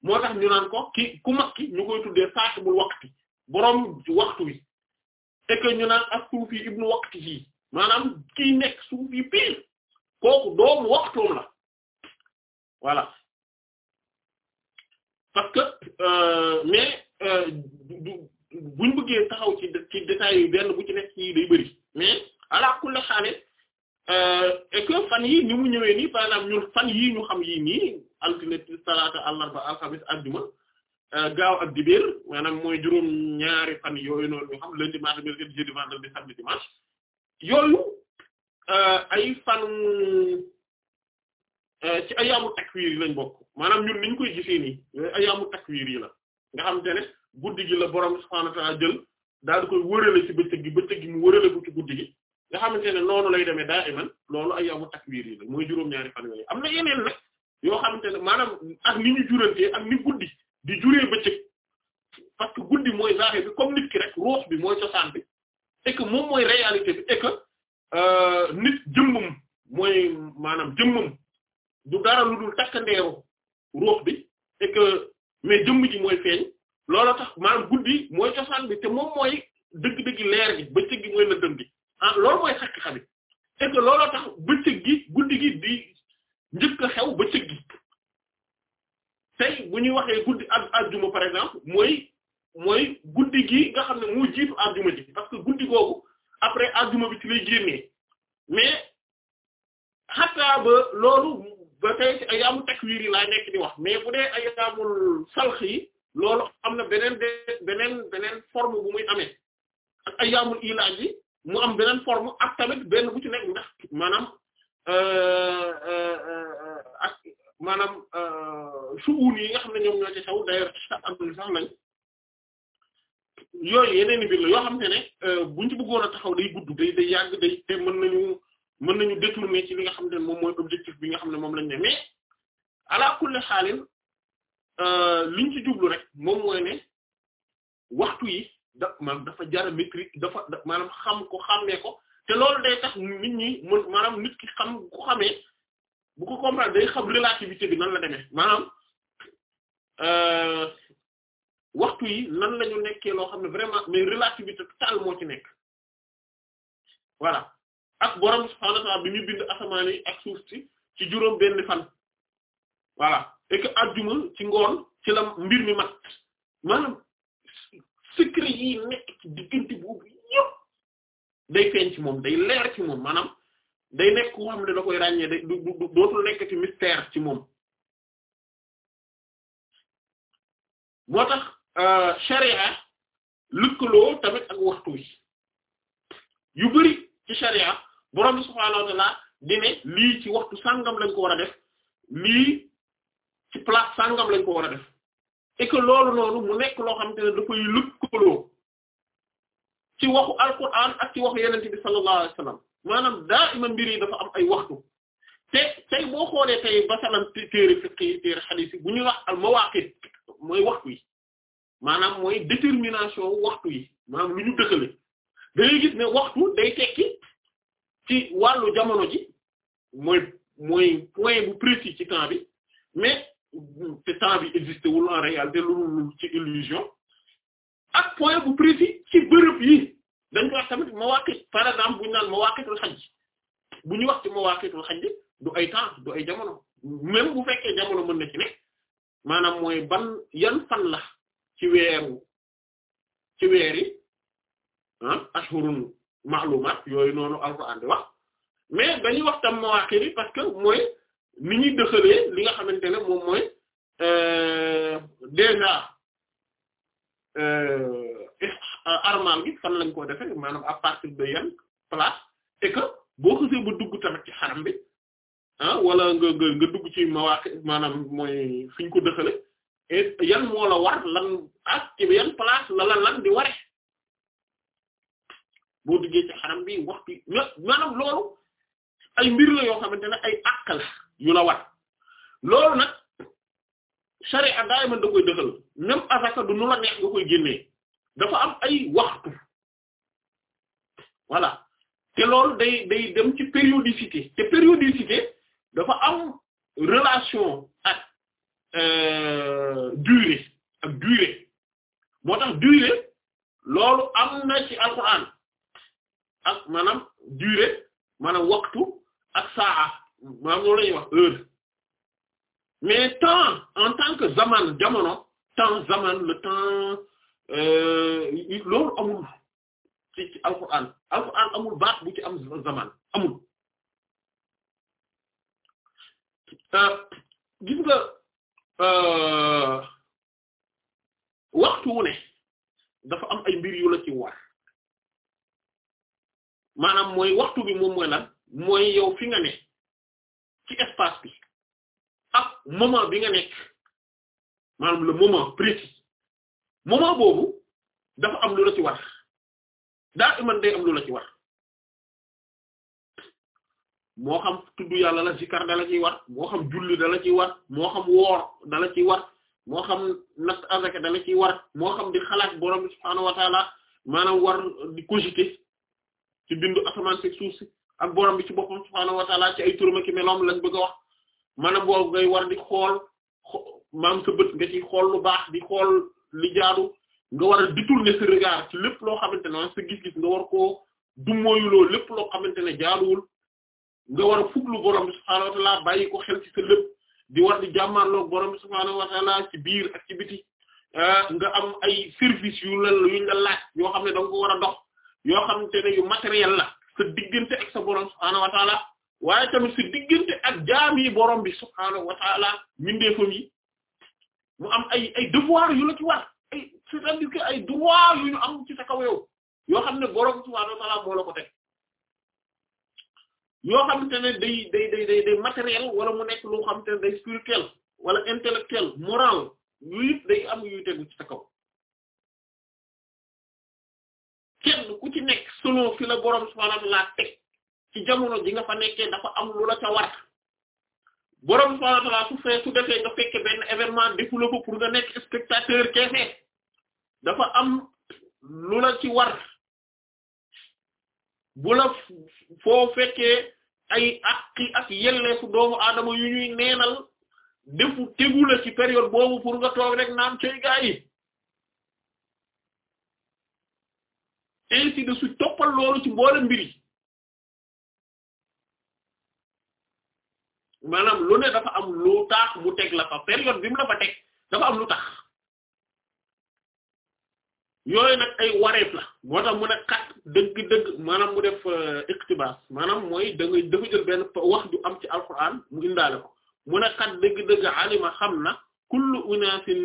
moo tax ñu naan ko ki ku mag ki ñu koy tuddee saahibul waqti boroom waxtu wi. et ñu naan ak suufi ibnu waqtihi maanaam kiy nekk suufi pire kooku doomu waxtoom la voilà parce que euh, mais euh, buñ bëggee taxaw ci ci benn bu ci nekk ci day bëri mais ala kulli xaale euh, et fan yi ni mu ñëwee nii par exemple fan yii ñu xam yii nii altine salaata àllarba alxamis Euh, gaaw ak dibéer maanaam mooy juróom ñaari fan yooyu noonu yoo xam lundi mardi mercredi jeudi vendredi samedi dimanche euh, euh, lañ bokk maanaam ñun niñ koy gisee nii yooyu ayyaamu takwiir yi la nga xam te ne guddi gi la borom subhaanahu wa jël daal di koy gi bëccëg gi mu wërale guddi gi xamante ne noonu lay demee daa iman loolu ayyaamu takwiir yi mooy juróom ñaari fan yooyu am na yeneen nag yoo xamante ne maanaam am ni ñu jurantee ak ni guddi di juree bëccëg parce que guddi mooy zaaxir bi comme nit ki rek ruux bi mooy cosaan bi et moom mooy réalité bi et euh, nit jëmmum mooy maanaam jëmmum du dara lu dul takkandeeru ruux bi et que mais jëmm mooy feeñ loolu tax maanaam guddi mooy cosaan bi te moom mooy dëgg-dëgg leer gi bëccëg gi mooy lëndëm gi ah loolu mooy xaq xabi et que tax bëccëg gi guddi gi di njëkk xew bëccëg gi tey bu ñuy waxee guddi ak àjjuma par exemple mooy mooy guddi gi nga xam ne mu jiitu àjjuma ji parce que guddi googu après àjjuma bi ci lay génnee mais xataa ba loolu ba tey ci ayyaamu takwiir laa nekk di wax mais bu dee ayyaamul salx yi loolu am na beneen de beneen beneen forme bu muy amee ak ayyaamul ilaaj yi mu am beneen forme ak tamit benn bu ci nekk ndax maanaam euh, euh, euh, ak maanaam euh, suun yi nga xam ne ñoom ñoo ci xew d'ailleurs am na sax nañ yooyu yeneen i mbir la yoo xam te ne euh, buñ ci bëggoon a taxaw day gudd day day yàgg day te mën nañu mën nañu détourner ci li nga xam ne moom mooy objectif bi nga xam ne moom lañ ne mais ala kulli xaalin euh, liñ ci jublu rek moom mooy ne waxtu yi da maanaam dafa jara métrique dafa maanaam xam ko xàmmee ko te loolu day tax nit ñi mën maanaam nit ki xam ku xamee bu ko comprendre day xam relativité bi nan la demee maanaam euh, waxtu yi nan la ñu nekkee loo xam ne vraiment mais relativité totale moo ci nekk voilà ak borom subhaanahu wa bi ñu bind asamaan ak suuf si ci juróom benn fan voilà et que àjjuma ci ngoon ci la mbir mi mat maanaam secret yi nekk ci diggante boobu yëpp day feeñ ci moom day leer ci moom maanaam day nekk ku nga xam da koy ràññee day du du dootul nekk ci mystère ci moom moo tax euh, sharia lëkkaloo tamit ak waxtu yi yu bari ci sharia borom subhaanahu wa ta'aala di ne lii ci waxtu sàngam lañ ko war a def lii ci place sàngam lañ ko war a def et que loolu noonu mu nekk loo xamante ne dafay lëkkaloo ci waxu alquran ak ci waxu yonent bi sallallahu maanaam daa ima mbir yi dafa am ay waxtu te tey boo xoolee tey basalan téere fiqh bu ñuy wax al mawaqit mooy waxtu yi maanaam mooy détermination waxtu yi maanaam lu ñu dëkkale gis ne waxtu day tekki ci wàllu jamono ji mooy mooy point bu précis ci temps bi mais te temps bi existé wul en réalité loolu ci illusion ak point bu précis ci bërëb yi dañ ko wax tamit mawaqit par exemple bu ñu naan xaj bu ñu wax ci xaj du ay temps du ay jamono même bu fekkee jamono mën na ci nekk maanaam mooy ban yan fan la ci weeru ci weer yi ah ashhurun yooyu noonu alxuraan di wax mais dañuy wax tam mawaqit parce que mooy ni ñuy dëxalee li nga xamante ne moom mooy euh, déjà euh, Euh, armal gi fan lañ ko defee maanaam à partir de yan place et boo xasee ba dugg tamit ci xaram bi ah wala nga nga nga dugg ci mawaaqi maanaam mooy fi ko dëxale et yan moo la war lan ak ci yan place la lan di ware boo duggee ci xaram bi waxtu maanaam loolu ay mbir la yoo xamante ne ay àq yu la war loolu nag sharia daay man da koy dëxal même asaka du nu la neex nga koy génnee dafa am ay waxtu voilà te loolu day day dem ci périodicité te périodicité dafa am relation ak euh, durée ak durée moo tax durée loolu am na ci alxuraan ak maanaam durée maanaam waxtu ak saa maanaam loolu la wax heure mais temps en tant que zaman jamono temps zaman le temps Euh, loolu amul ci ci alquran alquran amul baat bu ci am zaman amul euh, gis nga euh, waxtu wu ne dafa am ay mbir yu la ci war maanaam mooy waxtu bi moom mooy lan mooy yow fi nga ne ci espace bi ak moment bi nga nekk maanaam le moment précis moment boobu dafa am lu la ci war daa iman day am lu la ci war moo xam tudd yàlla la zikar dala ciy war moo xam julli dala ciy war moo xam woor dala ciy war moo xam natt azaka dala ciy war moo xam di xalaat borom bi subhaanahu wa taala maanaam war di cogiter ci bindu asamaan si suuf borom bi ci boppam subhaanahu wa taala ci ay turam ak meloom lañ bëgg a wax mana boobu ngay war di xool maam sa nga ci xool lu baax di xool li jaadu nga war a détourner regard ci lépp loo xamante ne sa gis-gis nga war koo dummóoyuloo lépp loo xamante ne jaaduwul nga war a fuglu borom bi subhaanahu wa ta'aala ko xel ci sa lépp di war di jàmmarloo borom bi subhaanahu wa ta'aala ci biir ak ci ah, nga am ay service yu la yuñ la laaj yoo xam ne da nga ko war a dox yoo xamante ne yu matériel la sa diggante ak tamit sa diggante ak jaam yi borom bi subhaanahu wa ta'aala mindeefam yi mu am ay ay devoir yu la ci war ay c'est-à-dire ay droit yu ñu am ci sa kaw yow yoo xam ne borom subhaanahu wa ta'aala moo la ko teg yoo xamante ne day day day day day matériel wala mu nekk loo xamante ne day spirituel wala intellectuel moral yu yëpp day am yuy tegu ci sa kaw kenn ku ci nekk selon fi la borom subhaanahu wa ta'aala teg ci jamono ji nga fa nekkee dafa am lu la ca war. borom subhaanahu wa ta'aala su fee su defee nga benn événement defu la ko pour nga nekk spectateur keefee dafa am lu la ci war bu la foo fekkee ay akki ak yelleefu doomu aadama yu ñuy neenal defu tegu la ci période boobu pour nga toog rek naan cey gaa yi ainsi de suite toppal loolu ci mboole mbiri maanaam lu ne dafa am lu tax mu teg la fa période bi mu la fa teg dafa am lu tax yooy nag ay wareef la moo tax mu ne xat dëgg-dëgg maanaam mu def euh, iqtibas maanaam mooy da ngay jël benn wax ju am ci alquran mu indaale ko mu ne xat dëgg-dëgg alima xam na kullu unaasin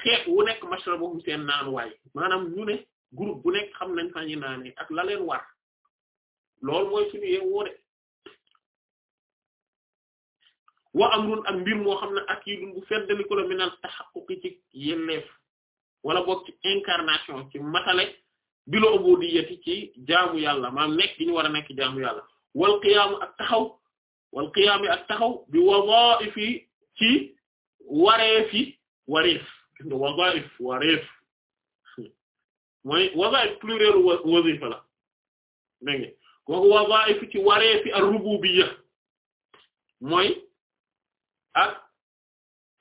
xeet wu nekk mashrabahum seen naanuwaay maanaam ñu ne groupe bu nekk xam nañ fa ñu naanee ak la leen war loolu mooy suñu yeewoo de wa amrun ak mbir moo xam ne akidun bu feddali ko la minal tahaqquqi ci yelleef wala boog ci incarnation ci matale bilo ubudiyati ci jaamu yàlla maam nekk gi ñu war a nekk jaamu yàlla wal qiyaamu ak taxaw wal qiyaami ak ci wareefi wareef mooy wadaa'if pluriel ci wareefi ar-rububiyya mooy ak ah,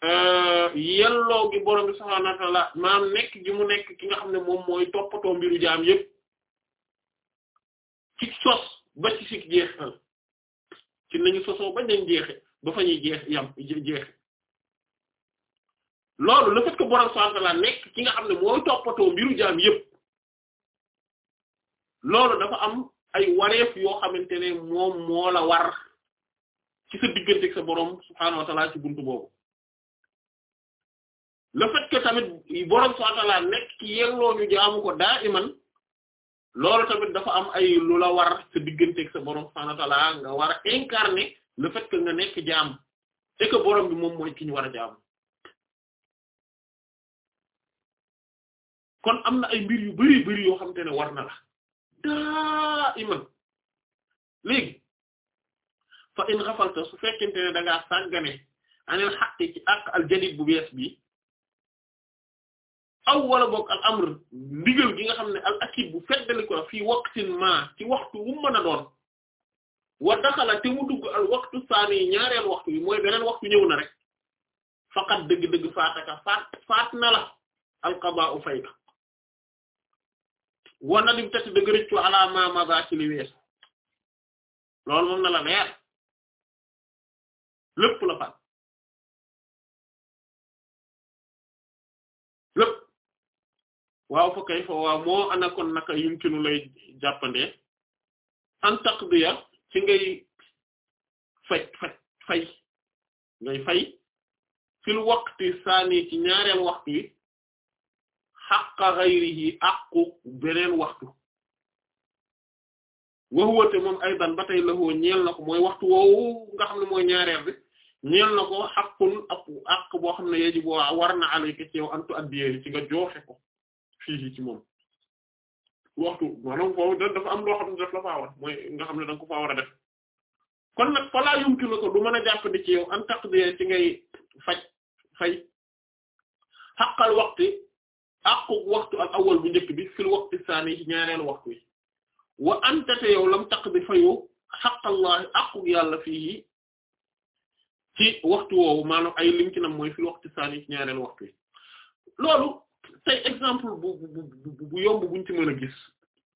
euh, yelloo gi borom bi subhaanahu wa ta'aala maanaam nekk gi mu nekk ki nga xam ne moom mooy toppatoo mbiru jaam yépp ci sos ba ci si jeexal ci nañu sosoo bañ nañ jeexe ba fa ñuy jeex yam jeexe loolu le fait que borom subhaanahu nekk ki nga xam ne mooy toppatoo mbiru jaam yépp loolu dafa am ay wareef yoo xamante ne moom moo war ci sa digganteeg sa borom subhaanahu wa ci buntu boobu le fait que tamit borom subhaanahu wa nekk ci yelloo jaamu ko daa iman loolu tamit dafa am ay lu la war sa digganteeg sa borom subhaanahu wa ta'ala nga war a incarner le fait nga nekk jaam et borom bi moom mooy ki ñu war a jaam kon am na ay mbir yu bari bari yoo xamante ne war na la daa iman léegi. fa in xafalta su fekkente ne sàggane anil xaqi ci àq al bu bees bi aw wala boog al amr ndigal gi nga xam ne al akid bu feddali ko fii waqtin ma ci waxtu wu mën a doon wa daxala te mu dugg al waxtu saani ñaareel waxtu bi mooy beneen waxtu ñëw na rek faqat dëgg-dëgg faataka faat faat na la al qadaa u fay ka wana dim tati dëgg rëccu ala ma maza ci li wees loolu moom na la leer lépp la faat lépp waaw fa kay fa waaw moo ana kon naka yumkinu lay jàppandee an taqdiya ci ngay fay fay fay ngay fay fil waqti saani ci ñaareel waxtu yi xaqa ghayrihi àqu beneen waxtu waxuwate moom aydan ba tey la woo ñeel na ko mooy waxtu woowu nga xam ne mooy ñaareel bi ñeel na ko xaqun ak àq boo xam ne yeji bo war na alayka ci yow antu addiyee ci nga joxe ko fii ci moom waxtu maanaam foofu dafa am loo xam ne daf la ko faa war a def kon nag falaa yumki na ko du mën a jàpp ne ci yow an taqdiya ci ngay faj fay xaqal waxti àqu waxtu al awal bu njëkk bi fil waxti saani ci waxtu yi wa antate yow lam taqdi fayu xaqallaahi àqu yàlla fii ci waxtu woowu maanaam ay lim mooy fil waxtu saani ci waxtu yi loolu tey exemple bu bu bu yomb buñ ci mën a gis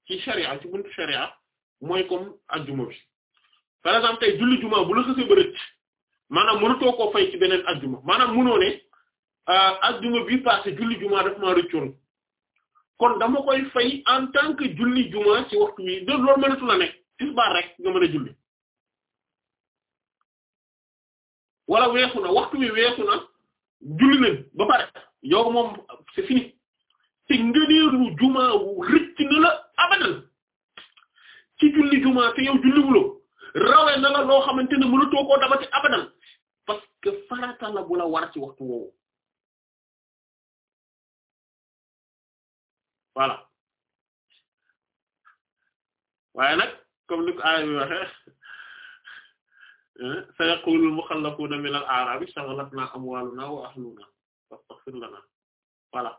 ci sharia ci buntu sharia mooy comme ajjuma bi par exemple tey julli juma bu la xasee ba rëcc maanaam mënatoo koo fay ci beneen ajjuma maanaam mënoo ne ah, ajjuma bi passé julli juma daf maa rëccoon kon dama koy fay en tant que julli juma ci waxtu wi de loolu mënatu la nekk tisbaar rek nga mën a julli wala weesu na waxtu wi weesu julli leen ba pare yow moom c'est fini te ngëneelu juma wu rëcc na la ci julli juma te yow julliwuloo rawee na la xamante ne mënatoo koo dabati abadan parce que farata la bu la waxtu woowu voilà waaye nag comme ni ko aay waxee Eh, sa yaqulul muxallafuuna min al a'raabi shaghalatnaa amwaalunaa wa ahluunaa fastaghfir lanaa voilà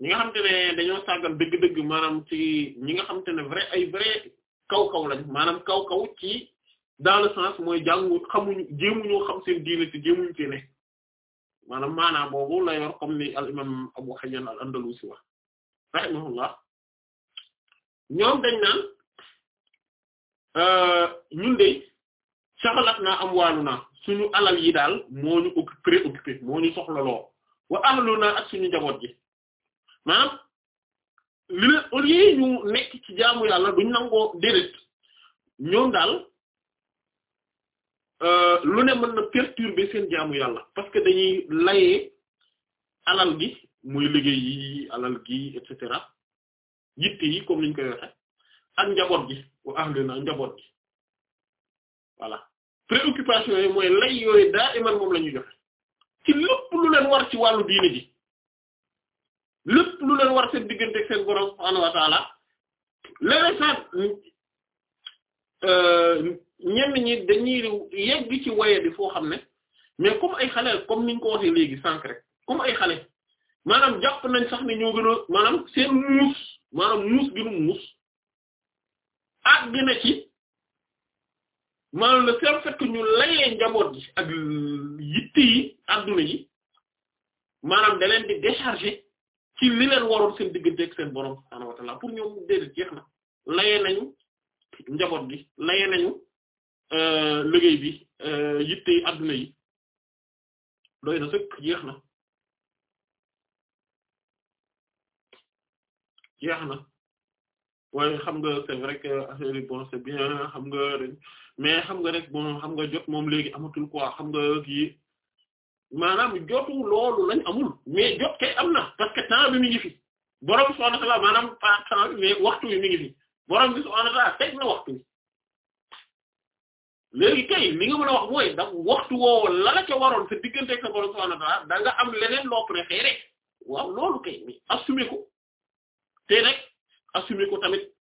ñi nga xamante ne dañoo sàggal dëgg-dëgg maanaam ci ñi nga xamante ne vrai ay vrai kaw-kaw lañ maanaam kaw-kaw ci dans le sens mooy jàngu xamuñu jéemuñoo xam seen diine te jéemuñu ci ne maanaam maanaam boobu la yor comme ni al imam Abu Hayyan al Andalusi wax ñoom dañ naan Euh, ñun de saxalat naa am waalu naa suñu alal yi daal moo ñu préoccupé moo ñu soxlaloo wa ahlu naa ak suñu njaboot ji maanaam li la au lieu ñu nekk ci jaamu yàlla duñ nangoo déedéet ñoom daal euh, lu ne mën na perturber seen jaamu yàlla parce dañuy layee alal gi muy liggéey yi alal gi et yitte yi comme niñ koy waxe ak njaboot gi wa ahlina njaboot yi mooy lay yooyu daa iman moom la ñuy joxe ci lépp lu leen war ci wàllu diine ji lépp lu leen war seen diggante seen borom subhaanahu wa ta'ala léeg-léeg sax euh, ñenn ñi dañuy yegg ci waye di foo xam ne mais comme ay xale comme niñ ko waxee léegi sànq comme ay xale maanaam jàpp nañ sax ne ñoo gën a maanaam seen muus maanaam muus gënu muus àgg na ci maanaam le seul fait ñu layee njaboot gi ak yitte yi adduna yi maanaam da di décharger ci li waroon seen diggante ak seen borom subhaanahu wa pour ñoom déedéet jeex na layee nañu njaboot gi layee nañu euh, liggéey bi euh, yitte yi adduna yi doy na sëkk jeex na jeex na waaye xam nga c'est vrai que affaire yi bon c'est bien xam nga mais xam nga rek bon xam nga jot moom léegi amatul quoi xam nga kii maanaam jotu loolu lañ amul mais jot kay am na parce que temps bi mi ngi fi borom subhanahu wa ta'ala maanaam pas temps bi mais waxtu bi mi ngi fi borom bi subhanahu wa ta'ala waxtu bi kay li nga mën a wax mooy da waxtu woowu la la ca waroon sa diggante ak sa borom subhanahu am leneen loo préféré waaw loolu kay mais assumer ko te assumer ko tamit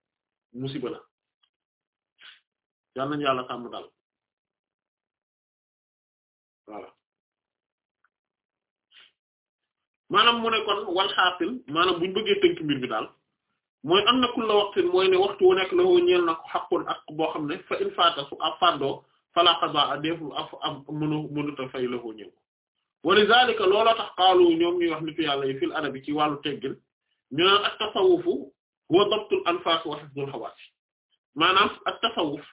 musiba la yal nañu yàlla sàmm daal voilà maanaam mu ne kon wal xaasil maanaam buñ bëggee tënk mbir bi daal mooy am na kulla waxtin mooy ne waxtu wu nekk la woo ñeel na ko xaqun ak boo xam ne fa in faata su a fàddoo fala a deful af am mënuta fay la woo ñëw wa lizalika looloo tax xaalu ñoom ñuy wax nitu yàlla yi fil arabi ci wàllu teggin ñu naan ak tasawufu wa dabtul anfaas wa hifdul hawaas maanaam ak tasawuf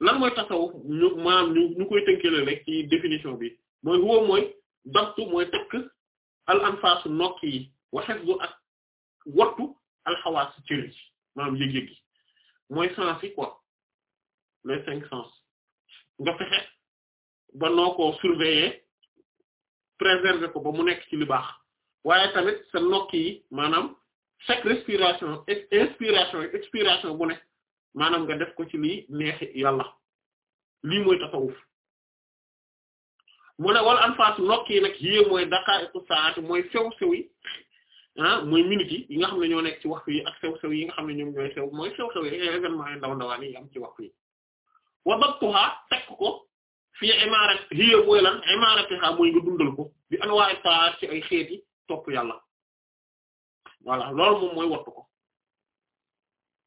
lan mooy tasawuf ñu maanaam ñu ñu koy tënkale rek ci définition bi mooy mooy dabtu mooy takk al anfaas nokk yi wa hifdu ak wattu al hawaas cër yi maanaam yëg-yëg mooy sens yi quoi cinq sens nga fexe ba noo ko préserver ko ba mu nekk ci li baax waaye tamit sa nokk yi maanaam chaque respiration inspiration expiration bu maanaam nga def ko ci lii neexi yàlla lii mooy tasawuf mu ne yi nag yii mooy mooy sew sew yi ah mooy yi nga xam ne ñoo nekk wax waxtu yi ak sew sew yi nga xam ne ñoom ñooy sew mooy sew sew yi événement yi ndaw ndawaan yi ci waxtu yi wa dabtuha tekk ko fii imarat hiya mooy lan imaratiha mooy nga dundal ko bi anwa'i ta'at ci xeeti topp yàlla voilà loolu moom mooy wattu ko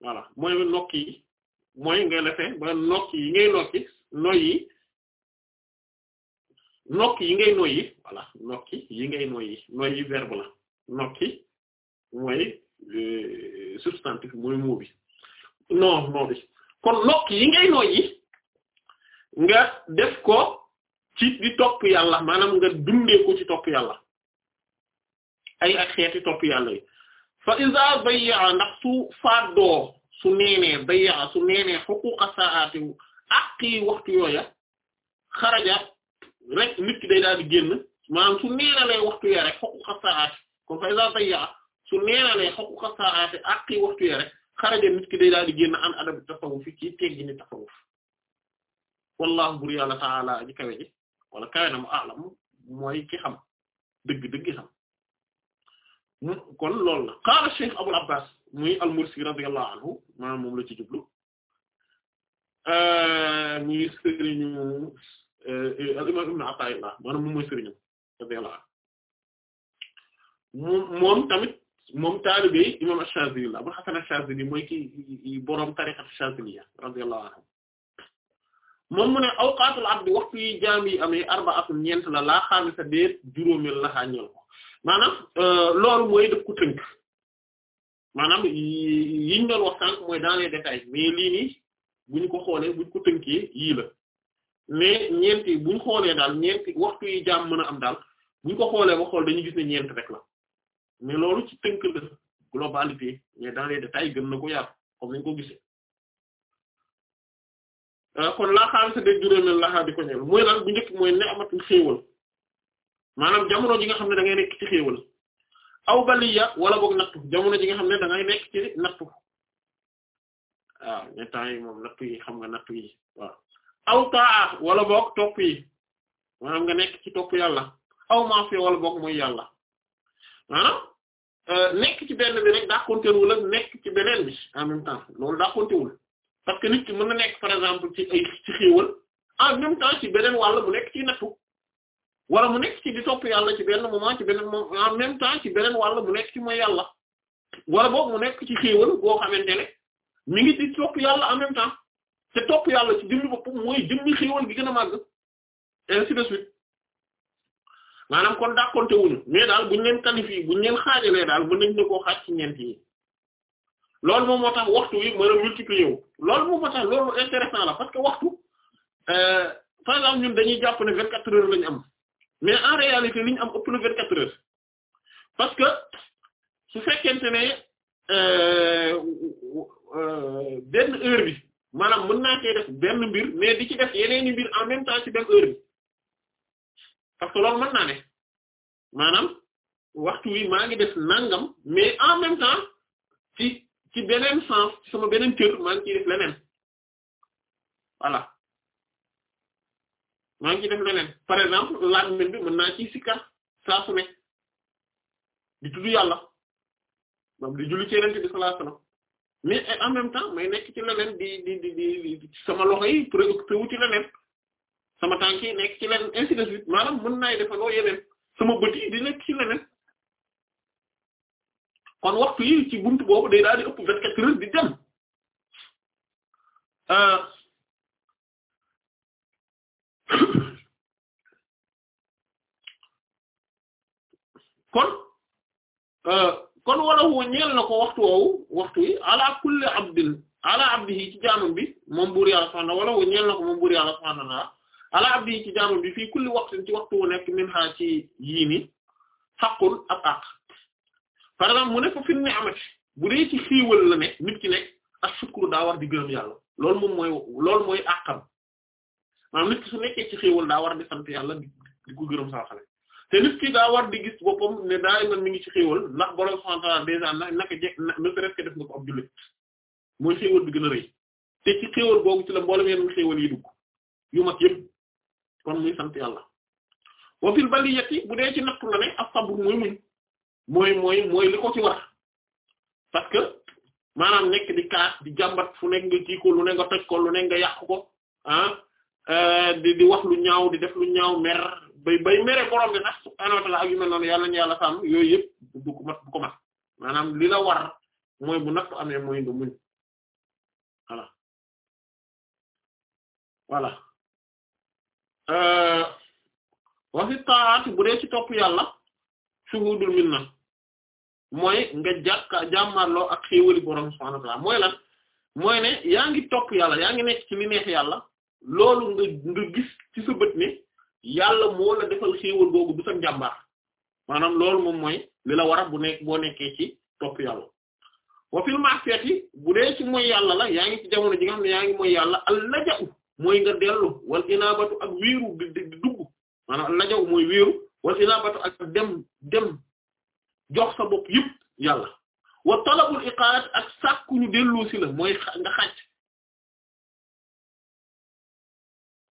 voilà mooy nokk yi mooy ngay defee ba nokk yi ngay nokki noyyi nokk yi ngay noyyi voilà nokki yi ngay noyyi noyyi verbe la nokki mooy euh, substantif mooy mot bi non bi kon nokk yi ngay noyyi nga def ko ci di topp yàlla maanaam nga dundee ko ci topp yàlla ay ak xeeti topp yàlla yi fa iza bayya ndax su faddoo su neenee bayya su neenee xuquqa saati aqi waxtu yooya xaraja rek nit ki day daal génn maanaam su neenalee waxtu ya rek xuquqa saati kon fa iza bayya su neenalee xuquqa saati aqi waxtu ya rek xaraja nit ki day daal génn an adabu tasawuf ci teggini tasawuf wallahu bur yàlla ta'ala ji wala kawe mu a'lam mooy ki xam dëgg dëgg xam kon loolu la qaala Cheikh Abul Abbas muy al-Mursi anhu maanaam moom la ci jublu euh, muy sëriñu euh, al-Imam Ibn Ata'illah maanaam moom mooy sëriñu radiyallahu anhu moom tamit moom taalibe imam Ash-Shazili la mooy ki boroom tariqa Ash-Shaziliya radiyallahu anhu moom mu ne awqaatul abdi waxtu yi jaam yi amee arba'atun ñeent la laa xaamisa déet juróomeel laxaa ñeel ko maanaam euh, loolu mooy def ku tënk maanaam yiñ doon wax mooy dans les mais lii bu ñu ko xoolee buñ ko tënkee yii la mais ñeenti bu ñu xoolee daal ñeenti waxtu yi jaam mën a am daal bu ñu ko xoolee ba xool dañu gis ne ñeent rek la mais loolu ci tënk la globalité mais dans les détails gën na ko yaatu comme nañ ko gisee euh, kon laa xaalis sa dég juróomeel laaxaar di ko mooy lan bu njëkk mooy ne amatul xéewal maanaam jamono ji nga xam ne da nekk ci xéewal aw baliya wala boog nattu jamono ji nga xam ne da nekk ci nattu waaw yi moom nattu yi xam nga nattu waaw aw wala boog topp yi maanaam nga nekk ci yàlla aw maafe wala boog mooy yàlla maanaam euh, nekk ci benn bi rek daa kontewul ak nekk ci beneen bi en même temps loolu daa kontewul par exemple ci ay ci xéewal en ci beneen wàll mu nekk ci nattu wala mu nekk ci di topp yàlla ci benn moment ci beneen moom en même temps ci beneen wàll mu nekk ci mooy yàlla wala boog mu nekk ci xéewal boo xamante ne mi ngi di topp yàlla en même temps te topp yàlla ci jëmmi bopp mooy jëmmi xéewal gi gën a màgg ainsi de suite maanaam kon dàqonte wuñu mais daal buñ leen qualifié buñ leen xaajalee daal mën nañ ne koo xaaj ci ñeent yi loolu moom moo tax waxtu wi mën a multiplier wu loolu moom moo tax loolu intéressant la parce que waxtu euh, par exemple ñun dañuy jàpp ne vingt quatre lañu am mais en réalité li am ëpp na quatre heures parce que su fekkente ne euh, euh, benn heure bi maanaam mën naa cee mbir mais di ci def yeneeni mbir en même temps ci benn heure bi parce que loolu mën naa ne wi maa ngi def nangam mais en même temps ci ci beneen sens ci sama beneen cër maa ngi ciy def leneen maa ngi ci def leneen par exemple lan mel bi mën naa ciy sikkar saa di tudd yàlla moom di julli ci Yonent bi sallallahu alayhi en même temps may nekk ci leneen di di di sama loxo yi préoccupé wu ci leneen sama tànk nekk ci leneen ainsi de suite maanaam mën naay defaloo yeneen sama bët di nekk ci leneen kon waxtu yi ci buntu boobu day daal ëpp vingt-quatre heures di dem. Euh, kon euh, kon wala woo ñeel na ko waxtu woowu waxtu yi ala kulli abdin ala abdihi ci jaamam bi moom buur yàlla subhaanahu wala woo ñeel na ko moom buur yàlla subhaanahu ala abdihi ci jaamam bi fii kulli waxtin ci waxtu wu nekk min ha ci yii ni xaqul àq par exemple mu ne fa fin ni bu dee ci xiiwal la ne nit ki nekk ak sukkur daa war di gërëm yàlla loolu moom mooy loolu mooy àqam maanaam nit ki su nekkee ci xéewal daa war di sant yàlla di di ko saa xale te nit ki daa war di gis boppam ne daa iman mi ngi ci xéewal ndax borom subhaanahu wa ta'aala déjà na jekk ne serait-ce que def nga ko ab jullit mooy a rëy te ci xéewal boobu ci mooy mooy mooy li ko ci war parce maanaam nekk di kaas di jàmbat fu nekk nga kii ko lu ne nga toj ko lu ne nga yàq ko ah Euh, di di wax lu ñaaw di def lu ñaaw mer bay bay mere borom bi nag subhaanahu wa noonu yàlla ñu yàlla sàmm yooyu yëpp du ko mat du ko mat maanaam li la war mooy bu natt amee mooy nga muñ voilà voilà euh, waxi taati bu dee ci topp yàlla shuhudul minna mooy nga jàkka jàmmarloo ak xéewali borom subhaanahu wa ta'aala mooy lan mooy ne yaa ngi topp yàlla yaa ngi nekk ci li neex yàlla loolu nga nga gis ci sa ne yàlla moo la defal xéewal googu du njàmbaar maanaam loolu moom mooy li la war bu nekk boo nekkee ci topp yàlla wa fil ma'siyati bu dee ci mooy yàlla la yaa ngi ci jamono ji xam ne yaa ngi mooy yàlla al naja'u nga dellu wal inabatu ak wiiru di di dugg maanaam al naja'u mooy wiiru wal inabatu ak dem dem jox sa bopp yëpp yàlla wa talabul iqalat ak sàkkuñu dellu la mooy nga xàcc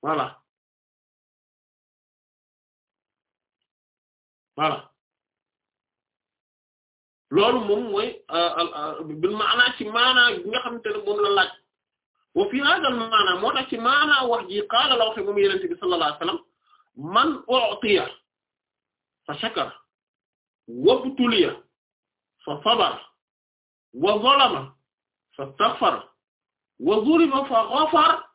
voilà voilà loolu moom mooy euh, euh, bil maanaa ci maanaa bi nga xamante ne moom la laaj wa fi hadal maanaa moo tax ci maanaa wax ji qaala la waxe moom yenente bi sallallahu alayhi wasallam man u'tiya fa shakara wabtuliya fa sabara wa zalama fa staghfara wa zurima fa ghafara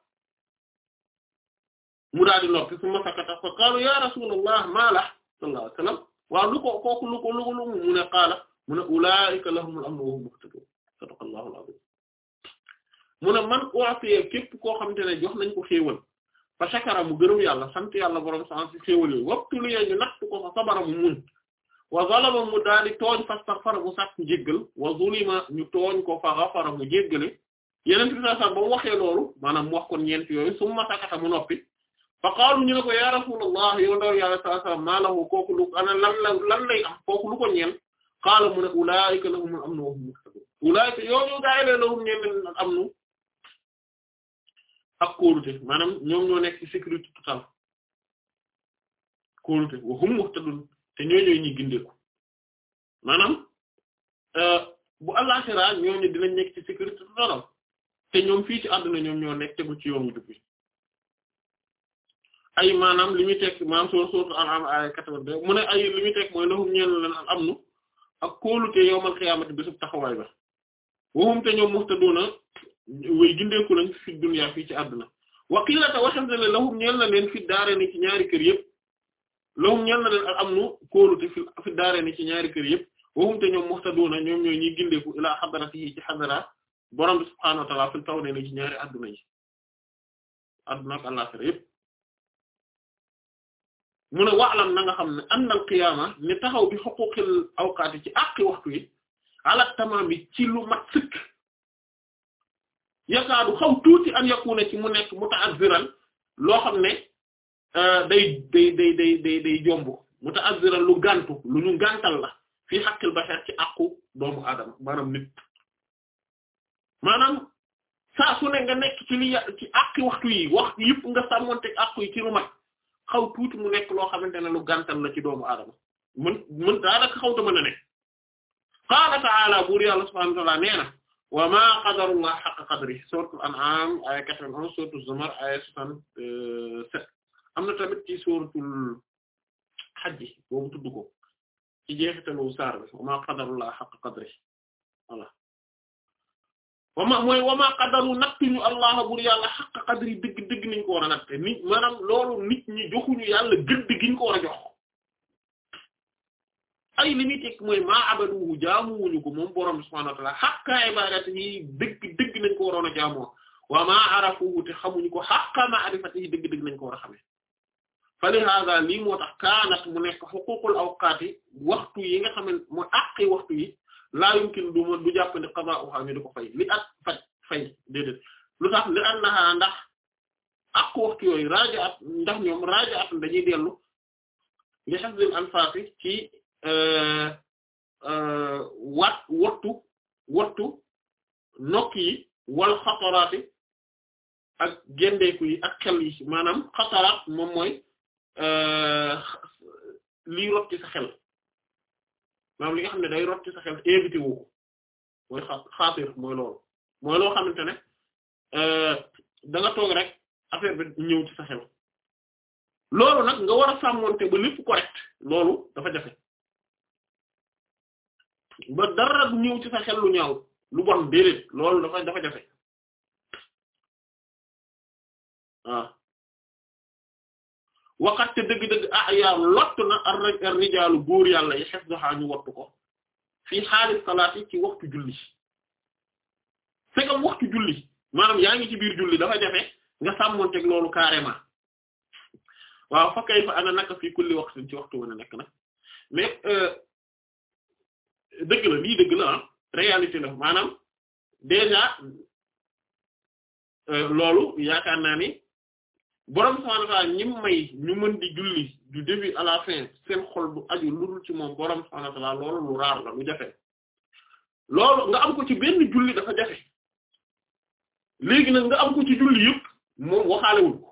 mu daal di noppi su ma sakata fa qaalu ya rasulullah maa lah sallallahu ko kooku lu ko mu ne qaala mu ne ulaa'ika lahumul amnu wa mu ne man u'tiya képp koo xamante ne jox nañ ko xéewal fa shakara mu gërëm yàlla sant yàlla borom sant ci xéewal yi wabtuliya ñu natt ko fa sabara mu muñ wa zalama mu daal di tooñ fastaghfara mu sàkk jéggal wa zulima ñu tooñ ko fa ghafara mu jéggale yeneen bi saa sax ba mu waxee loolu maanaam wax kon ñeent yooyu summa sakata mu noppi fa qaalu ñu ne ko ya rasulullah yow ndaw yàlla maa lahu kooku lu ana lan lay am kooku lu ko ñeel ne ulaa'ika lahumul amnu wa hum ak amnu ak ñoom ñoo nekk ci sécurité totale kóolute wa hum muhtadun te ñoo ñooy ñi gindeeku maanaam euh, bu àllaxira ñoo ñu dinañ ci sécurité totale te ñoom fii ci àdduna ñoom ñoo nekk ci yoonu jub ay maanaam li muy teg maanaam soo sootu An'am ay 82 mu ne ay li mooy lahum ñeel leen al amnu ak kóolute yowmal xiyaamati bésub taxawaay ba waxum te ñoom muhtaduna way ci àdduna wa qiilata ñaari kër yëpp lahum ñeel na leen al kër yëpp waxum te ñoom muhtaduna ñoom ñooy ñuy gindeeku ilaa xadaratihi ci xadara borom bi subhaanahu wa ta'aala fil kawnayni ci ñaari àdduna yi àdduna ak àllaaxira yëpp mu ne waalam na nga xam ne an al qiyaama taxaw bi xuquqil awqaati ci àqi waxtu yi ala tamaami ci lu mat sëkk yakaadu xaw tuuti an yakuna ci mu nekk muta'azziran loo xam ne euh, day day day day day day jomb muta'azziran lu gàntu lu ñu gàntal la fii xaqil bashar ci àqu doomu aadama maanaam nit maanaam saa su ne nga nekk ci li ci àqi waxtu yi wax yëpp nga sàmmonte àqu yi ci lu mat xaw tuuti mu nekk loo xamante ne lu gàntal la ci doomu aadama mën mën daanaka xaw te mën a nekk qaala ta'ala buur yàlla subhaanahu wa ta'ala nee na wa maa qadarullah haqqa qadri suuratul an'aam aaya 91 suuratul zumar aaya 67 am na tamit ci suuratul hajj boobu tudd ko ci jeexitalu saar bi wa maa qadarullah haqqa qadri voilà wama mooy wama qadaru nattuñu allah buur yàlla haqqa qadri dëgg dëgg niñ a natt ni maanaam loolu nit ñi joxuñu yàlla gëdd giñ a jox ay li muy teg mooy maa abaduhu jaamuwuñu ko moom borom subhaanahu wa ta'aala haqqa ibaadatihi dëgg dëgg nañ ko waroon a jaamoo wa maa arafuhu te xamuñu ko haqqa ma'rifatihi dëgg dëgg nañ ko war a xamee. fa li haaza moo tax kaanat mu nekk xuquuqul awqaati waxtu yi nga xam ne mooy àqi waxtu yi laa yumkin du ma du jàpp ne qadaa'uhaa ko fay li at faj fay déedéet lu tax li annahaa ndax. ak waxtu yooyu raajaat ndax ñoom raajaat dañuy dellu li hafzul anfaas ci euh, euh, wat wattu wattu nokk yi wal xataraat ak gendeeku yi ak xel yi maanaam xataraat moom mooy euh, liy rot ci xel maanaam li nga xam ne day rot ci xel évité wu ko mooy xa xaatir mooy loolu mooy loo xamante ne da toog rek. affaire bi ñëw ci sa loolu nag nga war a sàmmonte ba lépp correct loolu dafa jafe ba dara ñëw ci sa xel lu bon déedéet loolu dafa dafa jafe ah te dëgg-dëgg ah yaa lott na ar rijaalu góor yàlla yi xes doxaa ñu wattu ko fii xaalis salaat yi ci julli c'est comme julli maanaam yaa ngi ci julli dafa jafe nga sàmmonteeg loolu carrément waaw fa kay fa ana naka fii waxtu wane nekk nag mais euh, dëgg la lii dëgg la ah la maanaam déjà euh, loolu yaakaar naa ni borom subhaanahu wa ta'aala ñi may ñu mën di julli du début à la fin seen xol bu aju lu dul ci moom borom subhaanahu wa ta'aala loolu lu raar la lu jafe loolu nga am ko ci benn julli dafa jafe léegi nag nga am ko ci julli yëpp moom waxaalewul ko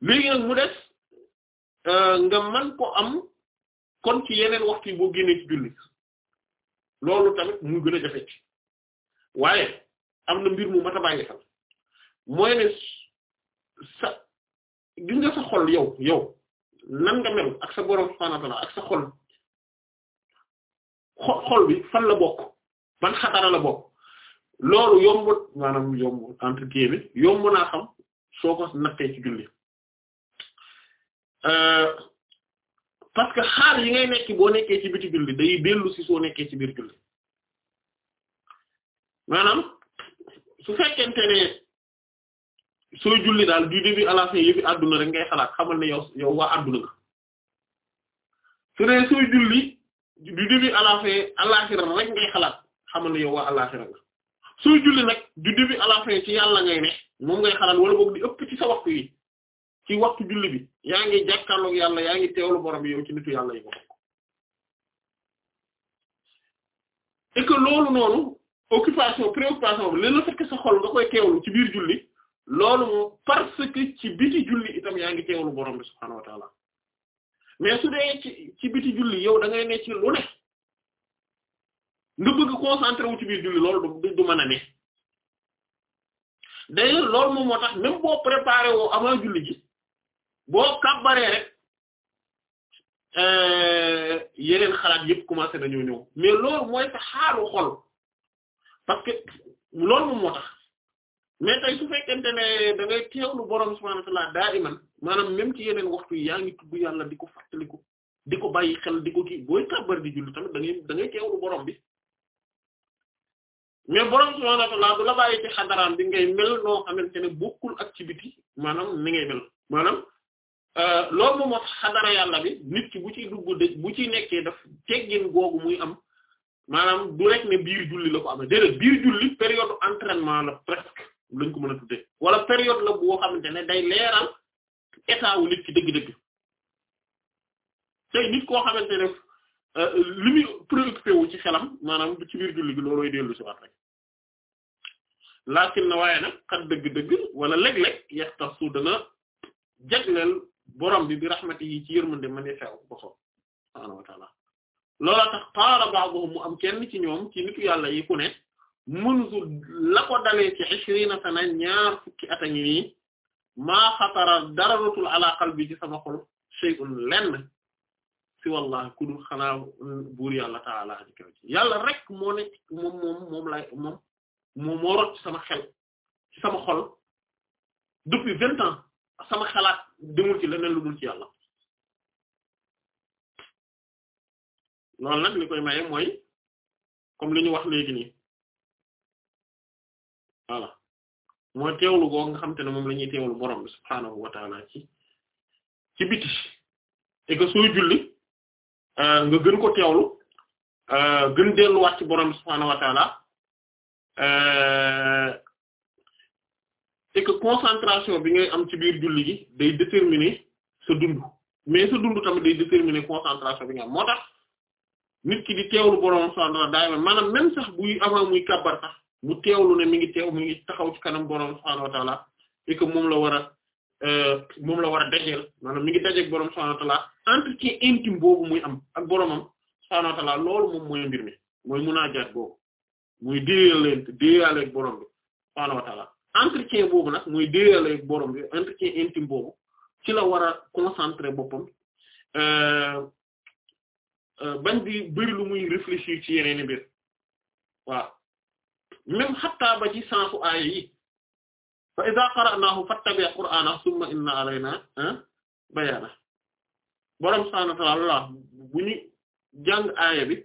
léegi nag mu des euh, nga mën ko am kon ci yeneen waxtu yi boo génnee julli loolu tamit mu gën a jafe waaye am na mbir mu mat a bàyyi xel mooy ne sa gis sa xol yow yow nan nga mel ak sa borom subhanahu ak sa xol xol bi fan la bokk ban xatara la bokk loolu yomb maanaam yomb entre guillemets yomb naa xam soo ko nattee ci julli euh, parce que xaal yi ngay nekk boo nekkee ci biti julli day dellu si soo nekkee ci biir julli maanaam su fekkente ne soo julli daal du début à la fin yëfi àdduna rek ngay xalaat xamal ne yow yow waa rek ngay xalaat xamal ne yow waa àllaxira nga sooy julli nag du début à la ci yàlla ngay ne moom ngay xalaat wala boog di ëpp ci sa waxtu yi ci waxtu julli bi yaa ngi jàkkaarloog yàlla yaa ngi teewlu borom yow ci nitu yàlla yi ko noonu occupation préoccupation bi le fait que sa xol nga koy teewlu ci biir julli loolu moom parce que ci biti julli itam yaa ngi teewlu borom bi subhaanahu wa mais su dee ci biti julli yow da ne ci lu ne nga bëgg concentré wu ci biir julli loolu du du a ne d'ailleurs loolu moom moo tax même boo préparé woo avant julli ji boo kàbbaree rek euh, yeneen xalaat yëpp commencé nañoo ñëw mais loolu mooy sa xaalu xol parce que loolu moom moo tax mais tey su fekkente ne da ngay teewlu borom subhaanahu wa ta'aala daa iman maanaam même ci yeneen waxtu yi yaa ngi tudd yàlla di ko fàttaliku di ko bàyyi xel di ko kii booy kàbbar di julli tamit da ngay da bi mais borom subhaanahu wa ta'aala du la bàyyi ci xadaraan bi ngay mel noo xamante ne bokkul ak ci biti maanaam ni ngay mel maanaam euh, loolu moom xadara yàlla bi nit ki bu ciy dugg de bu ci nekkee daf teggin googu muy am maanaam du rek ne biir julli la ko amee déedéet biir julli période entraînement la presque lañ ko mën a tuddee wala période la boo xamante ne day leeral état wu ki dëgg-dëgg tey nit koo xamante ne. Euh, li muy préoccupé ci xelam maanaam ci biir julli gi loolooy dellu si waat rek laakin na waaye nag xat dëgg-dëgg wala léeg-léeg yaxtasu dana jagleel borom bi bi raxmati yi ci yërmande man e feew ko soob subhaanahu wa ta'ala mu am kenn ci ñoom ci nitu sama xol shay'un lenn si wallahi ku xanaa buur yàlla taala ji yàlla rek moo ne moom moom moom moom moo rot sama xel ci sama xol depuis vingt ans sama xalaat demul ci leneen lu dul ci yàlla loolu nag li koy maye mooy comme li ñu wax léegi nii voilà mooy teewlu goo nga xam te ne moom la ñuy teewlu borom bi subhaanahu ci ci biti et que sooy julli Euh, nga gën ko teewlu euh, gën delluwaat ci borom subhaanahu wa taala c'est euh, concentration bi ngay am ci biir julli gi day déterminer sa dund mais sa dund tamit day déterminer concentration bi nga am moo tax nit ki di teewlu borom subhaanahu wa taala maanaam même sax buy avant muy kàbbar sax mu teewlu ne mi ngi teew mi ngi taxaw ci kanam borom subhaanahu wa taala moom la war Euh, moom la war a dajeel maanaam mi ngi dajeeg boroom subhaanahu wa ta'aala entretien intime boobu muy am ak boroomam subhaanahu wa ta'aala loolu moom mooy mbir mi mooy munaajaat boobu muy déeyaleent déeyaaleeg boroom bi subhaanahu wa ta'aala entretien boobu nag muy déeyaaleeg boroom bi entretien intime boobu ci la war a concentrer boppam euh, euh, bañ di bëri lu muy réfléchir ci yeneen i mbir waaw même ba ci sensu aaya yi fa iza qara'nahu fattabi' qur'ana summa inna alayna ah, bayana borom subhaanahu wa ta'aala bu ñu jàng aaya bi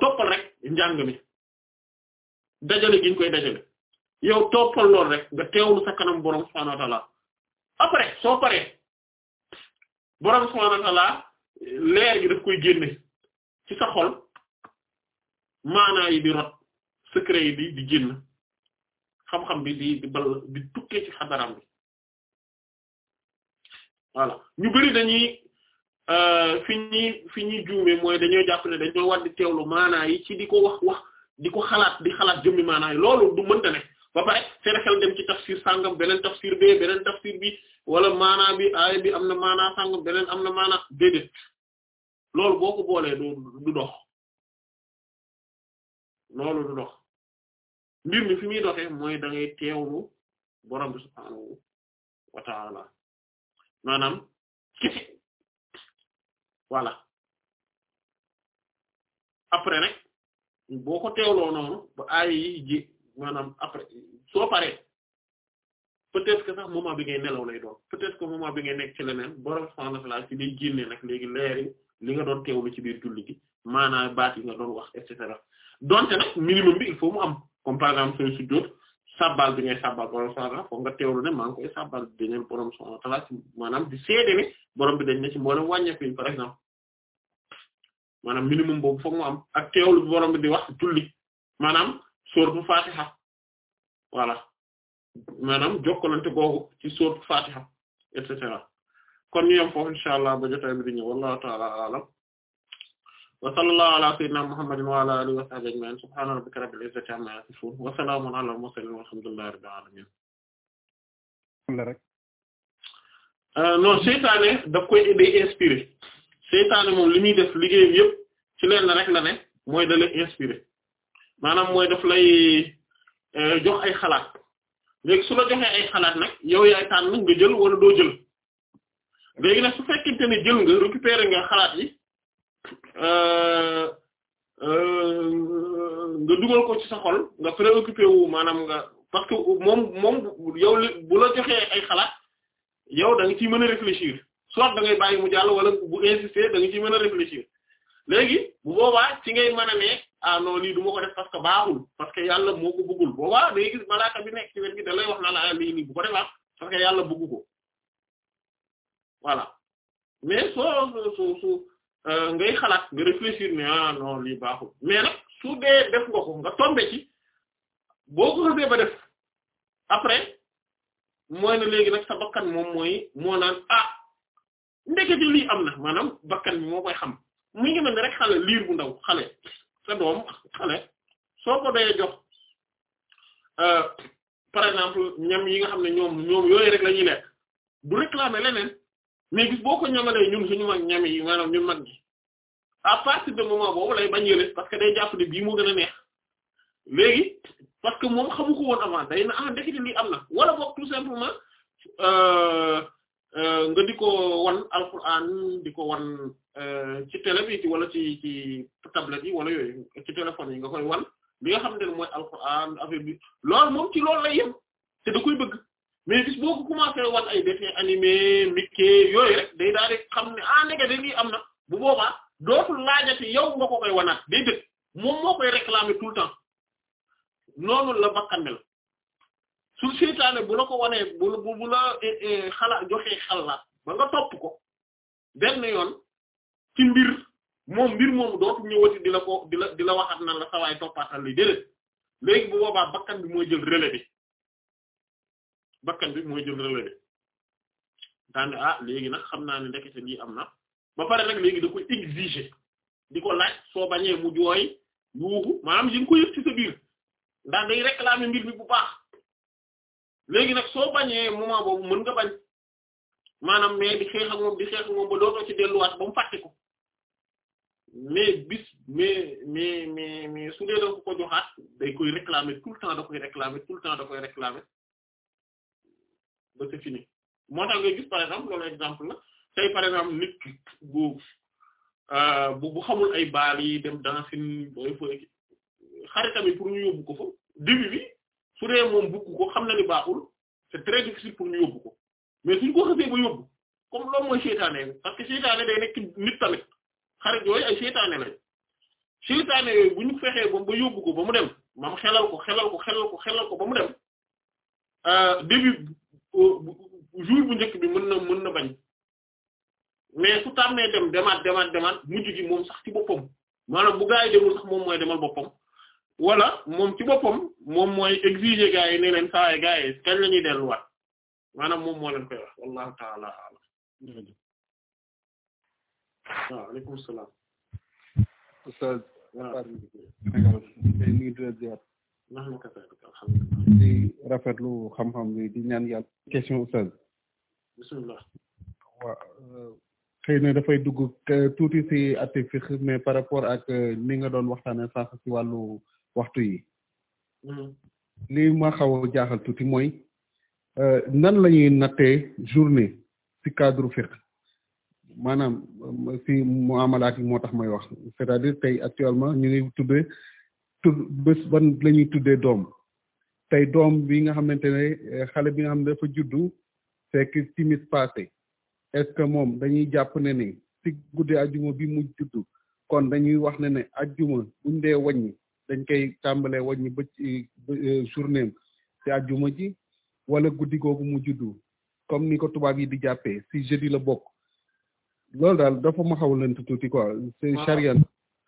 toppal rek njàng mi dajale gi koy dajale yow toppal lool rek nga teewlu sa kanam borom subhaanahu wa ta'aala après soo paree borom subhaanahu wa ta'aala leer gi daf koy génne ci sa xol yi di rot secret yi di di génn. xam-xam bi di di bal tukkee ci xadaram bi voilà ñu bari dañuy euh, fi ñuy fi ñuy juume mooy dañoo jàpp ne dañoo war di teewlu yi ci di ko wax wax di ko xalaat di xalaat jëmmi maanaa yi loolu du mënta ne ba pare seen xel dem ci tafsir sàngam beneen tafsir bi wala maanaa bi aaya bi am na maanaa sàngam beneen am na maanaa déedéet loolu boo ko boolee du dox loolu du dox mbir mi fi muy doxee mooy da ngay teewlu borom bi subhaanahu wa ta'ala maanaam kese voilà après nag boo ko teewloo noonu ba aay yi ji maanaam après soo paree peut-être que sax moment bi ngay nelaw lay doon peut-être que moment bi ngay nekk ci leneen borom subhaanahu wa ta'ala ci day génne nag léegi leeri li nga doon teewlu ci biir julli gi maanaam baat nga doon wax et cetera donte nag minimum bi il mu am. comme par exemple suñu sujjóot sabbal bi ngay sabbal borom subhaanahu wa ta'aala foog nga teewlu ne maa ngi maanaam di seede ne borom bi dañ ne ci mboolem wàññeeku yi par maanaam minimum boobu foog mu am ak teewlu bi borom bi di wax julli maanaam sourate Fatiha voilà maanaam jokkalante googu ci sourate Fatiha et cetera kon ñu yem foofu incha allah ba jotaay bi di ñëw wallahu ta'aala a'lam wa sallallahu ala sayyidina muhammadin wa ala alihi wa sahbihi ajma'in subhana rabbika rabbil izzati amma yasifun wa salamun ala al mursalin walhamdulillahi rabbil alamin rek euh, non seytaane li muy def liggéeyam la mooy maanaam mooy daf lay euh, jox ay xalaat léegi su la joxee ay xalaat nag yow yaay tànn nga jël wala doo jël léegi nag su fekkente ne jël nga récupérer nga xalaat yi Euh, euh, nga dugal ko ci sa xol nga préoccupé wu maanaam nga parce que moom moom yow li bu la joxee ay xalaat yow da nga ciy mën a réfléchir soit da ngay bàyyi mu jàll wala bu insister danga nga ciy mën a réfléchir léegi bu boobaa ci ngay mën a ne ah lii du ma ko def parce que baaxul parce que yàlla moo ko bëggul boobaa day gis malaaka bi nekk ci wet gi da lay wax na la ah lii nii bu ko laa parce que yàlla bëggu ko voilà mais soo soo soo Euh, ngay xalaat nga réfléchir ne ah non lii baaxul mais su dee def nga ko nga tombe ci boo ko ba def après mooy ne léegi nag sa bakkan moom mooy moo naan ah ndekete lii am na maanaam bakkan bi moo koy xam mu ngi mel rek xale liir bu ndaw xale sa doom xale soo ko doyee jox euh, par exemple ñam yi nga xam ne ñoom ñoom yooyu rek la du réclamer leneen mais boo ko ñamalee ñun suñu mag ñame yi maanaam ñun mag gi a partir de moment boobu lay bañ yële parce que day jàpp ne bii moo gën a neex léegi parce que moom xamu ko woon avant day na ah am na wala boog tout simplement euh, euh, nga di ko wan alquran di ko wan euh, ci télé bi wala ci ci tablette yi wala yooyu ci téléphone yi nga koy wan li nga xam ne mooy alquran affaire bi lool moom ci loolu lay yem te da koy bëgg. mais boo ko commencé wan ay dessins animés Mickey yooyu rek day daal di xam ne ah ndeke de lii am na bu boobaa dootul laajati yow nga ko koy wanaat day dëkk moom moo koy réclamer tout le temps noonu la bakkan mel su seytaane bu la ko wanee bu bu bu eh, eh, ba nga topp ko benn yoon ci mbir moom mbir moomu dootul ñëwati di la ko di la di la waxaat nan la sawaay toppaatal li déedéet léegi bu boobaa bakkan bi mooy jël relais bi bakkan bi mooy jël relevé daan ah léegi nag xam naa ne ndekete lii am na ba pare nag léegi da koy exiger di ko laaj soo bañee mu jooy yuuxu maanaam yi nga ko réclamer mbir mi bu baax léegi nag soo bañee moment mën nga bañ maanaam mais di xeex ak moom di xeex ak moom ba dootoo ci delluwaat ba mu fàtte ko mais da koy réclamer tout temps da koy réclamer tout temps da koy réclamer ba c'est fini moo tax nga gis par exemple loolu exemple la tey par exemple nit bu euh, bu bu xamul ay baal yi dem dansin booy fooy xaritam yi pour ñu yóbbu ko fa début bi su dee moom bugg ko xam na ni baaxul c'est très difficile pour ñu yóbbu ko mais suñ ko xasee ba yóbbu comme loolu mooy seytaane parce que seytaane day nekk nit tamit xarit yooyu ay seytaane lañ seytaane bu ñu fexee ba ba yóbbu ko ba mu dem maam xelal ko xelal ko xelal ko ko mu dem euh, jour bu njëkk bi mën na mën na bañ mais su tàmmee dem demaat demaat demaat mujj gi moom sax ci boppam maanaam bu gaa yi sax moom mooy demal boppam wala moom ci boppam moom mooy exiger gaa yi ne leen saa yi gaa yi kañ la ñuy delluwaat maanaam moom moo leen koy wax wallahu ta'ala a'lam. waaw aleykum salaam. di rafetlu xam-xam bi di ñaan yàlla question oustaz bismillah waaw euh, xëy na dafay dugg tuuti si atte fiqh mais par rapport ak euh, ni nga doon waxtaane sànq si wàllu waxtu yi hmm. li ma xaw a jaaxal tuuti mooy euh, nan la ñuy nattee journée si cadre fiqh maanaam si muamalaat yi moo tax may wax c'est-à-dire tey actuellement ñu ngi tudd bés ban lañuy ñuy tuddee doom tey doom bi nga xamante ne xale bi nga xam ne dafa juddu fekk timis passé est-ce que moom dañuy jàpp ne ne si guddi ajuma bi mu juddu kon dañuy wax ne ne ajuma buñ de wañ dañ koy tàmbalee wañ ba ci e, journée si ji wala guddi googu mu juddu comme ni ko tubaab yi di jàppee si jeudi la bokk loolu daal dafa ma xaw lent tuuti quoi c'est charian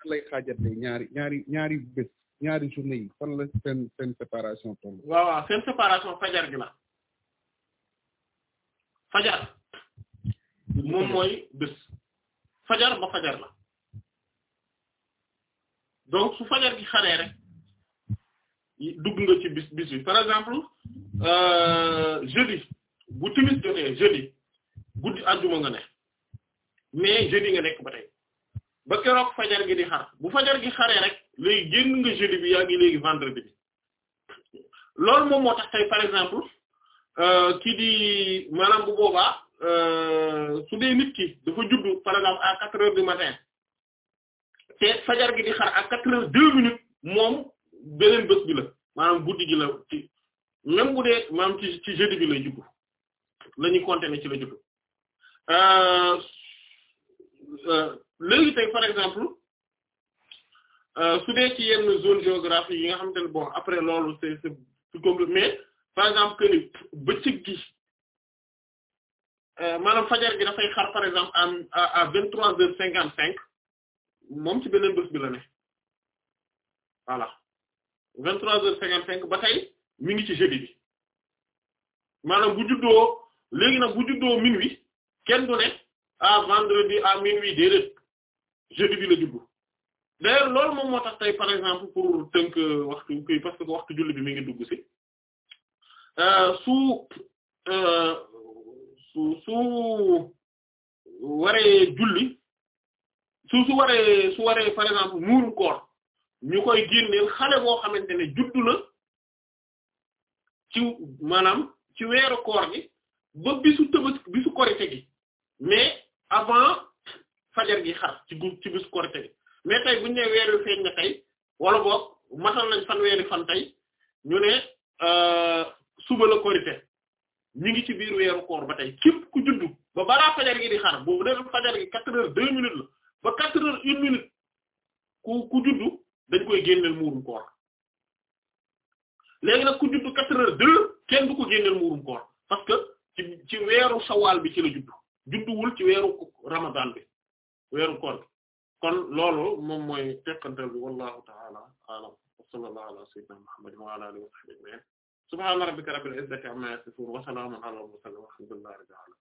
lay xaajatee ñaari ñaari ñaari bés ñaari journée yi fan la seen seen séparation toll. waaw waaw séparation fajar gi la fajar moom mooy bés fajar ba fajar la donc su fajar gi xaree rek dugg nga ci bis bis bi par exemple euh, jeudi bu timis jeudi guddi àjjuma nga ne mais jeudi nga nekk ba tey. ba keroog fajar gi di xar bu fajar gi xaree rek léegi génn nga jeudi bi yaa ngi léegi vendredi bi loolu moom moo tax tey par exemple euh, kii di maanaam bu boobaa euh, su dee nit ki dafa juddu par exemple à quatre heures du matin te fajar gi di xar à quatre heures deux minutes moom beneen bés bi la maanaam guddi gi la ci même bu dee maanaam ci ci jeudi bi lay juddu la ñuy compter ci la juddu. Euh, léegi tey par exemple euh, su dee ci yenn zone géographique yi nga xamante ne bon après loolu c'est c'est compliqué par exemple que ni bëccëg gi euh, maanaam fajar gi dafay xar par exemple à vingt trois heures cinquante cinq moom ci beneen bés bi la ne voilà vingt trois heures cinquante cinq ba tey mi ngi ci jeudi bi maanaam bu juddoo léegi nag bu juddoo minuit kenn du ne à vendredi à minuit déedéet jeudi bi la jubbu d'ailleurs loolu moom moo tax tey par exemple pour tënk waxtu kii parce que waxtu julli bi mu ngi dugg si euh, su euh, su su waree julli su su waree su waree par exemple muuru koor ñu koy génneel xale boo xamante ne juddu na ci maanaam ci weeru koor gi ba bisu tëbës bisu korite gi mais avant fajar gi xar ci gu ci bis korite mais tey bu ñu nee feeñ na tey wala boog matal nañ fan weeri fan tey ñu ne euh, suba la korite ñu ngi ci biir weeru koor ba tey képp ku juddu ba balaa fajar gi di xar boobu dee fajar gi quatre heures deux minutes la ba quatre heures une minute ku juddu dañ koy génneel muurum koor léegi nag ku juddu quatre heures deux kenn du ko génneel muurum koor parce que ci ci weeru sawaal bi ci la juddu judduwul ci weeru ramadan weeru koor kon loolu moom mooy teqantal bi wallahu ta'ala a'lam wa sallallahu ala sayyidina muhammadin wa ala alihi wa sahbihi subhana rabbika rabbil izzati amma yasifun wa salamun ala al mursalin walhamdulillahi rabbil alamin